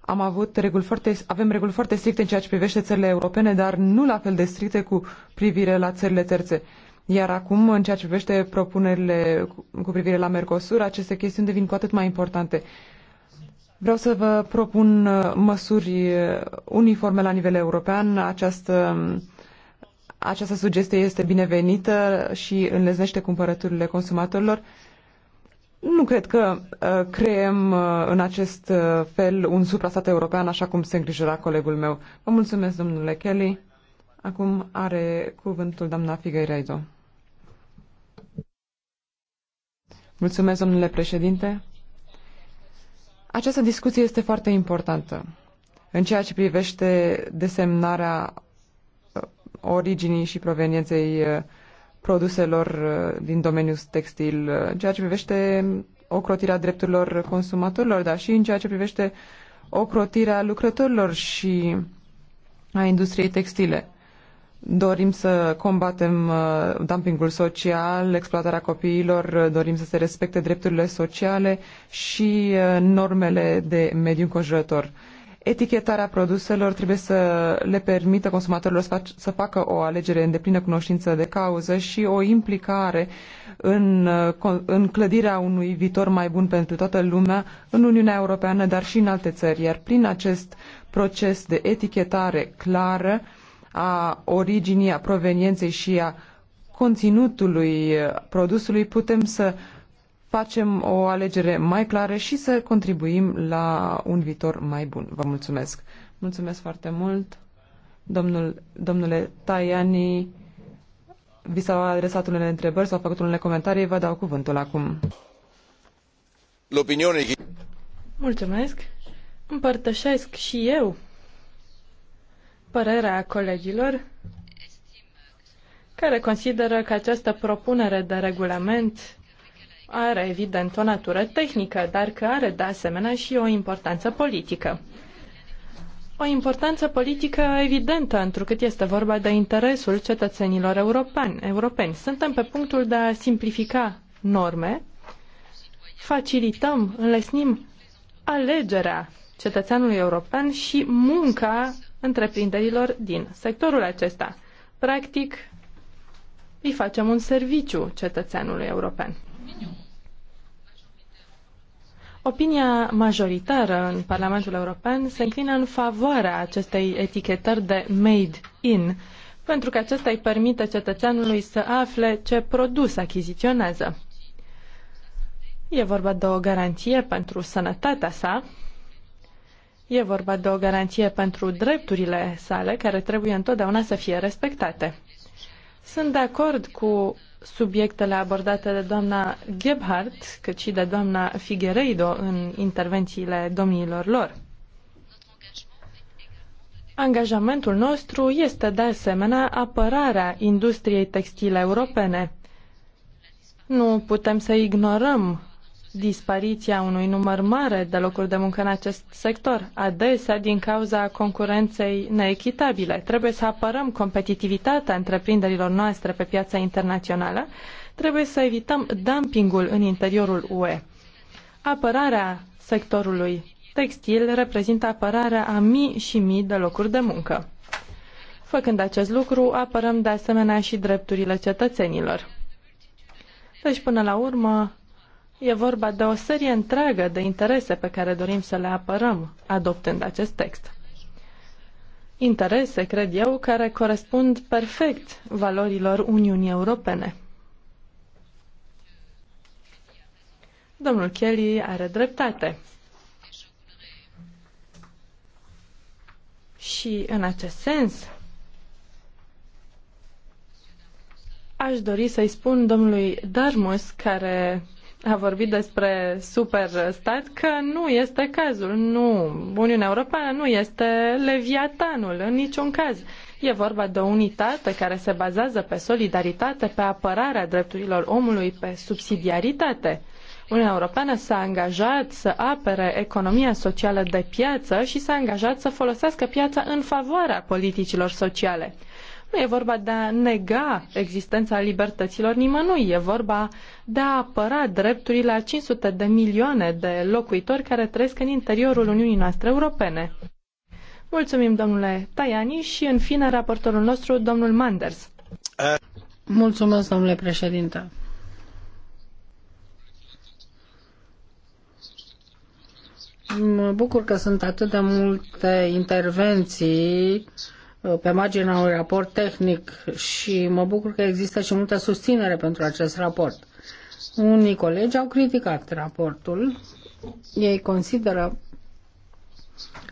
am avut reguli foarte, avem reguli foarte stricte în ceea ce privește țările europene, dar nu la fel de stricte cu privire la țările terțe. Iar acum, în ceea ce privește propunerile cu privire la Mercosur, aceste chestiuni devin cu atât mai importante. Vreau să vă propun uh, măsuri uh, uniforme la nivel european. Această, um, această sugestie este binevenită și înleznește cumpărăturile consumatorilor. Nu cred că uh, creăm în acest fel un suprastat european, așa cum se îngrijora colegul meu. Vă mulțumesc, domnule Kelly. Acum are cuvântul doamna Figueiredo. Mulțumesc, domnule președinte. Această discuție este foarte importantă în ceea ce privește desemnarea uh, originii și provenienței uh, produselor uh, din domeniul textil, în ceea ce privește ocrotirea drepturilor consumatorilor, dar și în ceea ce privește ocrotirea lucrătorilor și a industriei textile. Dorim să combatem uh, dumpingul social, exploatarea copiilor, uh, dorim să se respecte drepturile sociale și uh, normele de mediu înconjurător. Etichetarea produselor trebuie să le permită consumatorilor să facă o alegere în deplină cunoștință de cauză și o implicare în, în clădirea unui viitor mai bun pentru toată lumea în Uniunea Europeană, dar și în alte țări. Iar prin acest proces de etichetare clară, a originii, a provenienței și a conținutului produsului, putem să facem o alegere mai clară și să contribuim la un viitor mai bun. Vă mulțumesc! Mulțumesc foarte mult! Domnul, domnule Tajani, vi s-au adresat unele întrebări, s-au făcut unele comentarii, vă dau cuvântul acum. Mulțumesc! Împărtășesc și eu părerea colegilor care consideră că această propunere de regulament are evident o natură tehnică, dar că are de asemenea și o importanță politică. O importanță politică evidentă, întrucât este vorba de interesul cetățenilor europeni. europeni. Suntem pe punctul de a simplifica norme, facilităm, înlesnim alegerea cetățeanului european și munca întreprinderilor din sectorul acesta. Practic, îi facem un serviciu cetățeanului european. Opinia majoritară în Parlamentul European se înclină în favoarea acestei etichetări de made in, pentru că acesta îi permite cetățeanului să afle ce produs achiziționează. E vorba de o garanție pentru sănătatea sa, E vorba de o garanție pentru drepturile sale, care trebuie întotdeauna să fie respectate. Sunt de acord cu subiectele abordate de doamna Gebhardt, cât și de doamna Figueiredo în intervențiile domniilor lor. Angajamentul nostru este de asemenea apărarea industriei textile europene. Nu putem să ignorăm dispariția unui număr mare de locuri de muncă în acest sector, adesea din cauza concurenței neechitabile. Trebuie să apărăm competitivitatea întreprinderilor noastre pe piața internațională, trebuie să evităm dumpingul în interiorul UE. Apărarea sectorului textil reprezintă apărarea a mii și mii de locuri de muncă. Făcând acest lucru, apărăm de asemenea și drepturile cetățenilor. Deci, până la urmă, E vorba de o serie întreagă de interese pe care dorim să le apărăm adoptând acest text. Interese, cred eu, care corespund perfect valorilor Uniunii Europene. Domnul Kelly are dreptate. Și în acest sens, aș dori să-i spun domnului Darmus, care a vorbit despre superstat că nu este cazul. Nu, Uniunea Europeană nu este leviatanul în niciun caz. E vorba de o unitate care se bazează pe solidaritate, pe apărarea drepturilor omului, pe subsidiaritate. Uniunea Europeană s-a angajat să apere economia socială de piață și s-a angajat să folosească piața în favoarea politicilor sociale. Nu e vorba de a nega existența libertăților nimănui, e vorba de a apăra drepturile a 500 de milioane de locuitori care trăiesc în interiorul Uniunii noastre europene. Mulțumim, domnule Tajani, și în fine raportorul nostru, domnul Manders. Mulțumesc, domnule președinte. Mă bucur că sunt atât de multe intervenții uh, Uh, pe marginea unui raport tehnic și mă bucur că există și multă susținere pentru acest raport. Unii colegi au criticat raportul. Ei consideră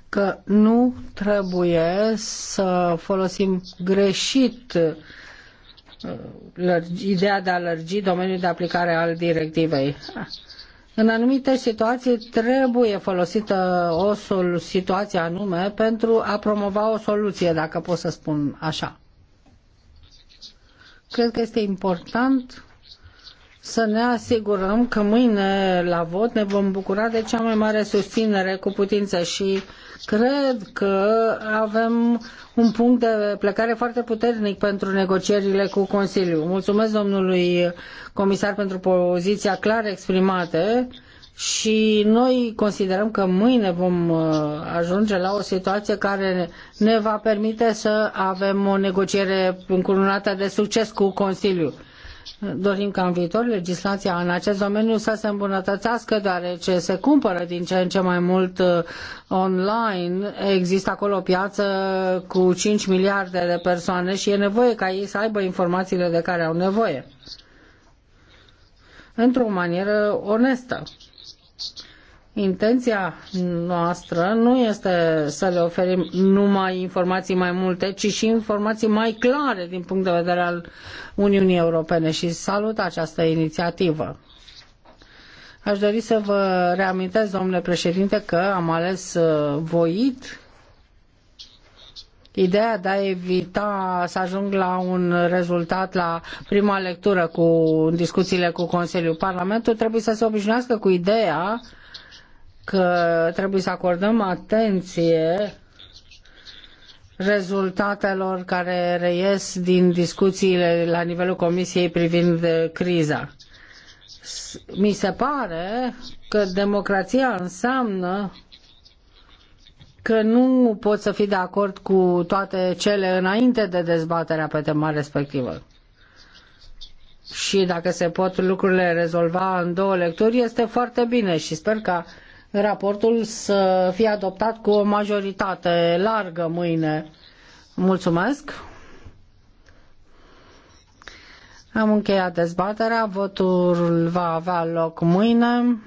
că nu trebuie să folosim greșit uh, ideea de a lărgi domeniul de aplicare al directivei. În anumite situații trebuie folosită o situație anume pentru a promova o soluție, dacă pot să spun așa. Cred că este important să ne asigurăm că mâine la vot ne vom bucura de cea mai mare susținere cu putință și cred că avem un punct de plecare foarte puternic pentru negocierile cu Consiliul. Mulțumesc domnului comisar pentru poziția clar exprimată și noi considerăm că mâine vom uh, ajunge la o situație care ne va permite să avem o negociere încununată de succes cu Consiliul Dorim ca în viitor legislația în acest domeniu să se îmbunătățească, deoarece se cumpără din ce în ce mai mult uh, online. Există acolo o piață cu 5 miliarde de persoane și e nevoie ca ei să aibă informațiile de care au nevoie. Într-o manieră onestă. Intenția noastră nu este să le oferim numai informații mai multe, ci și informații mai clare din punct de vedere al Uniunii Europene și salut această inițiativă. Aș dori să vă reamintesc, domnule președinte, că am ales uh, voit ideea de a evita să ajung la un rezultat la prima lectură cu discuțiile cu Consiliul. Parlamentului, trebuie să se obișnuiască cu ideea că trebuie să acordăm atenție rezultatelor care reies din discuțiile la nivelul Comisiei privind eh, criza. Mi se pare că democrația înseamnă că nu pot să fi de acord cu toate cele înainte de dezbaterea pe tema respectivă. Și dacă se pot lucrurile rezolva în două lecturi, este foarte bine și sper ca că raportul să fie adoptat cu o majoritate largă mâine. Mulțumesc! Am încheiat dezbaterea, votul va avea loc mâine.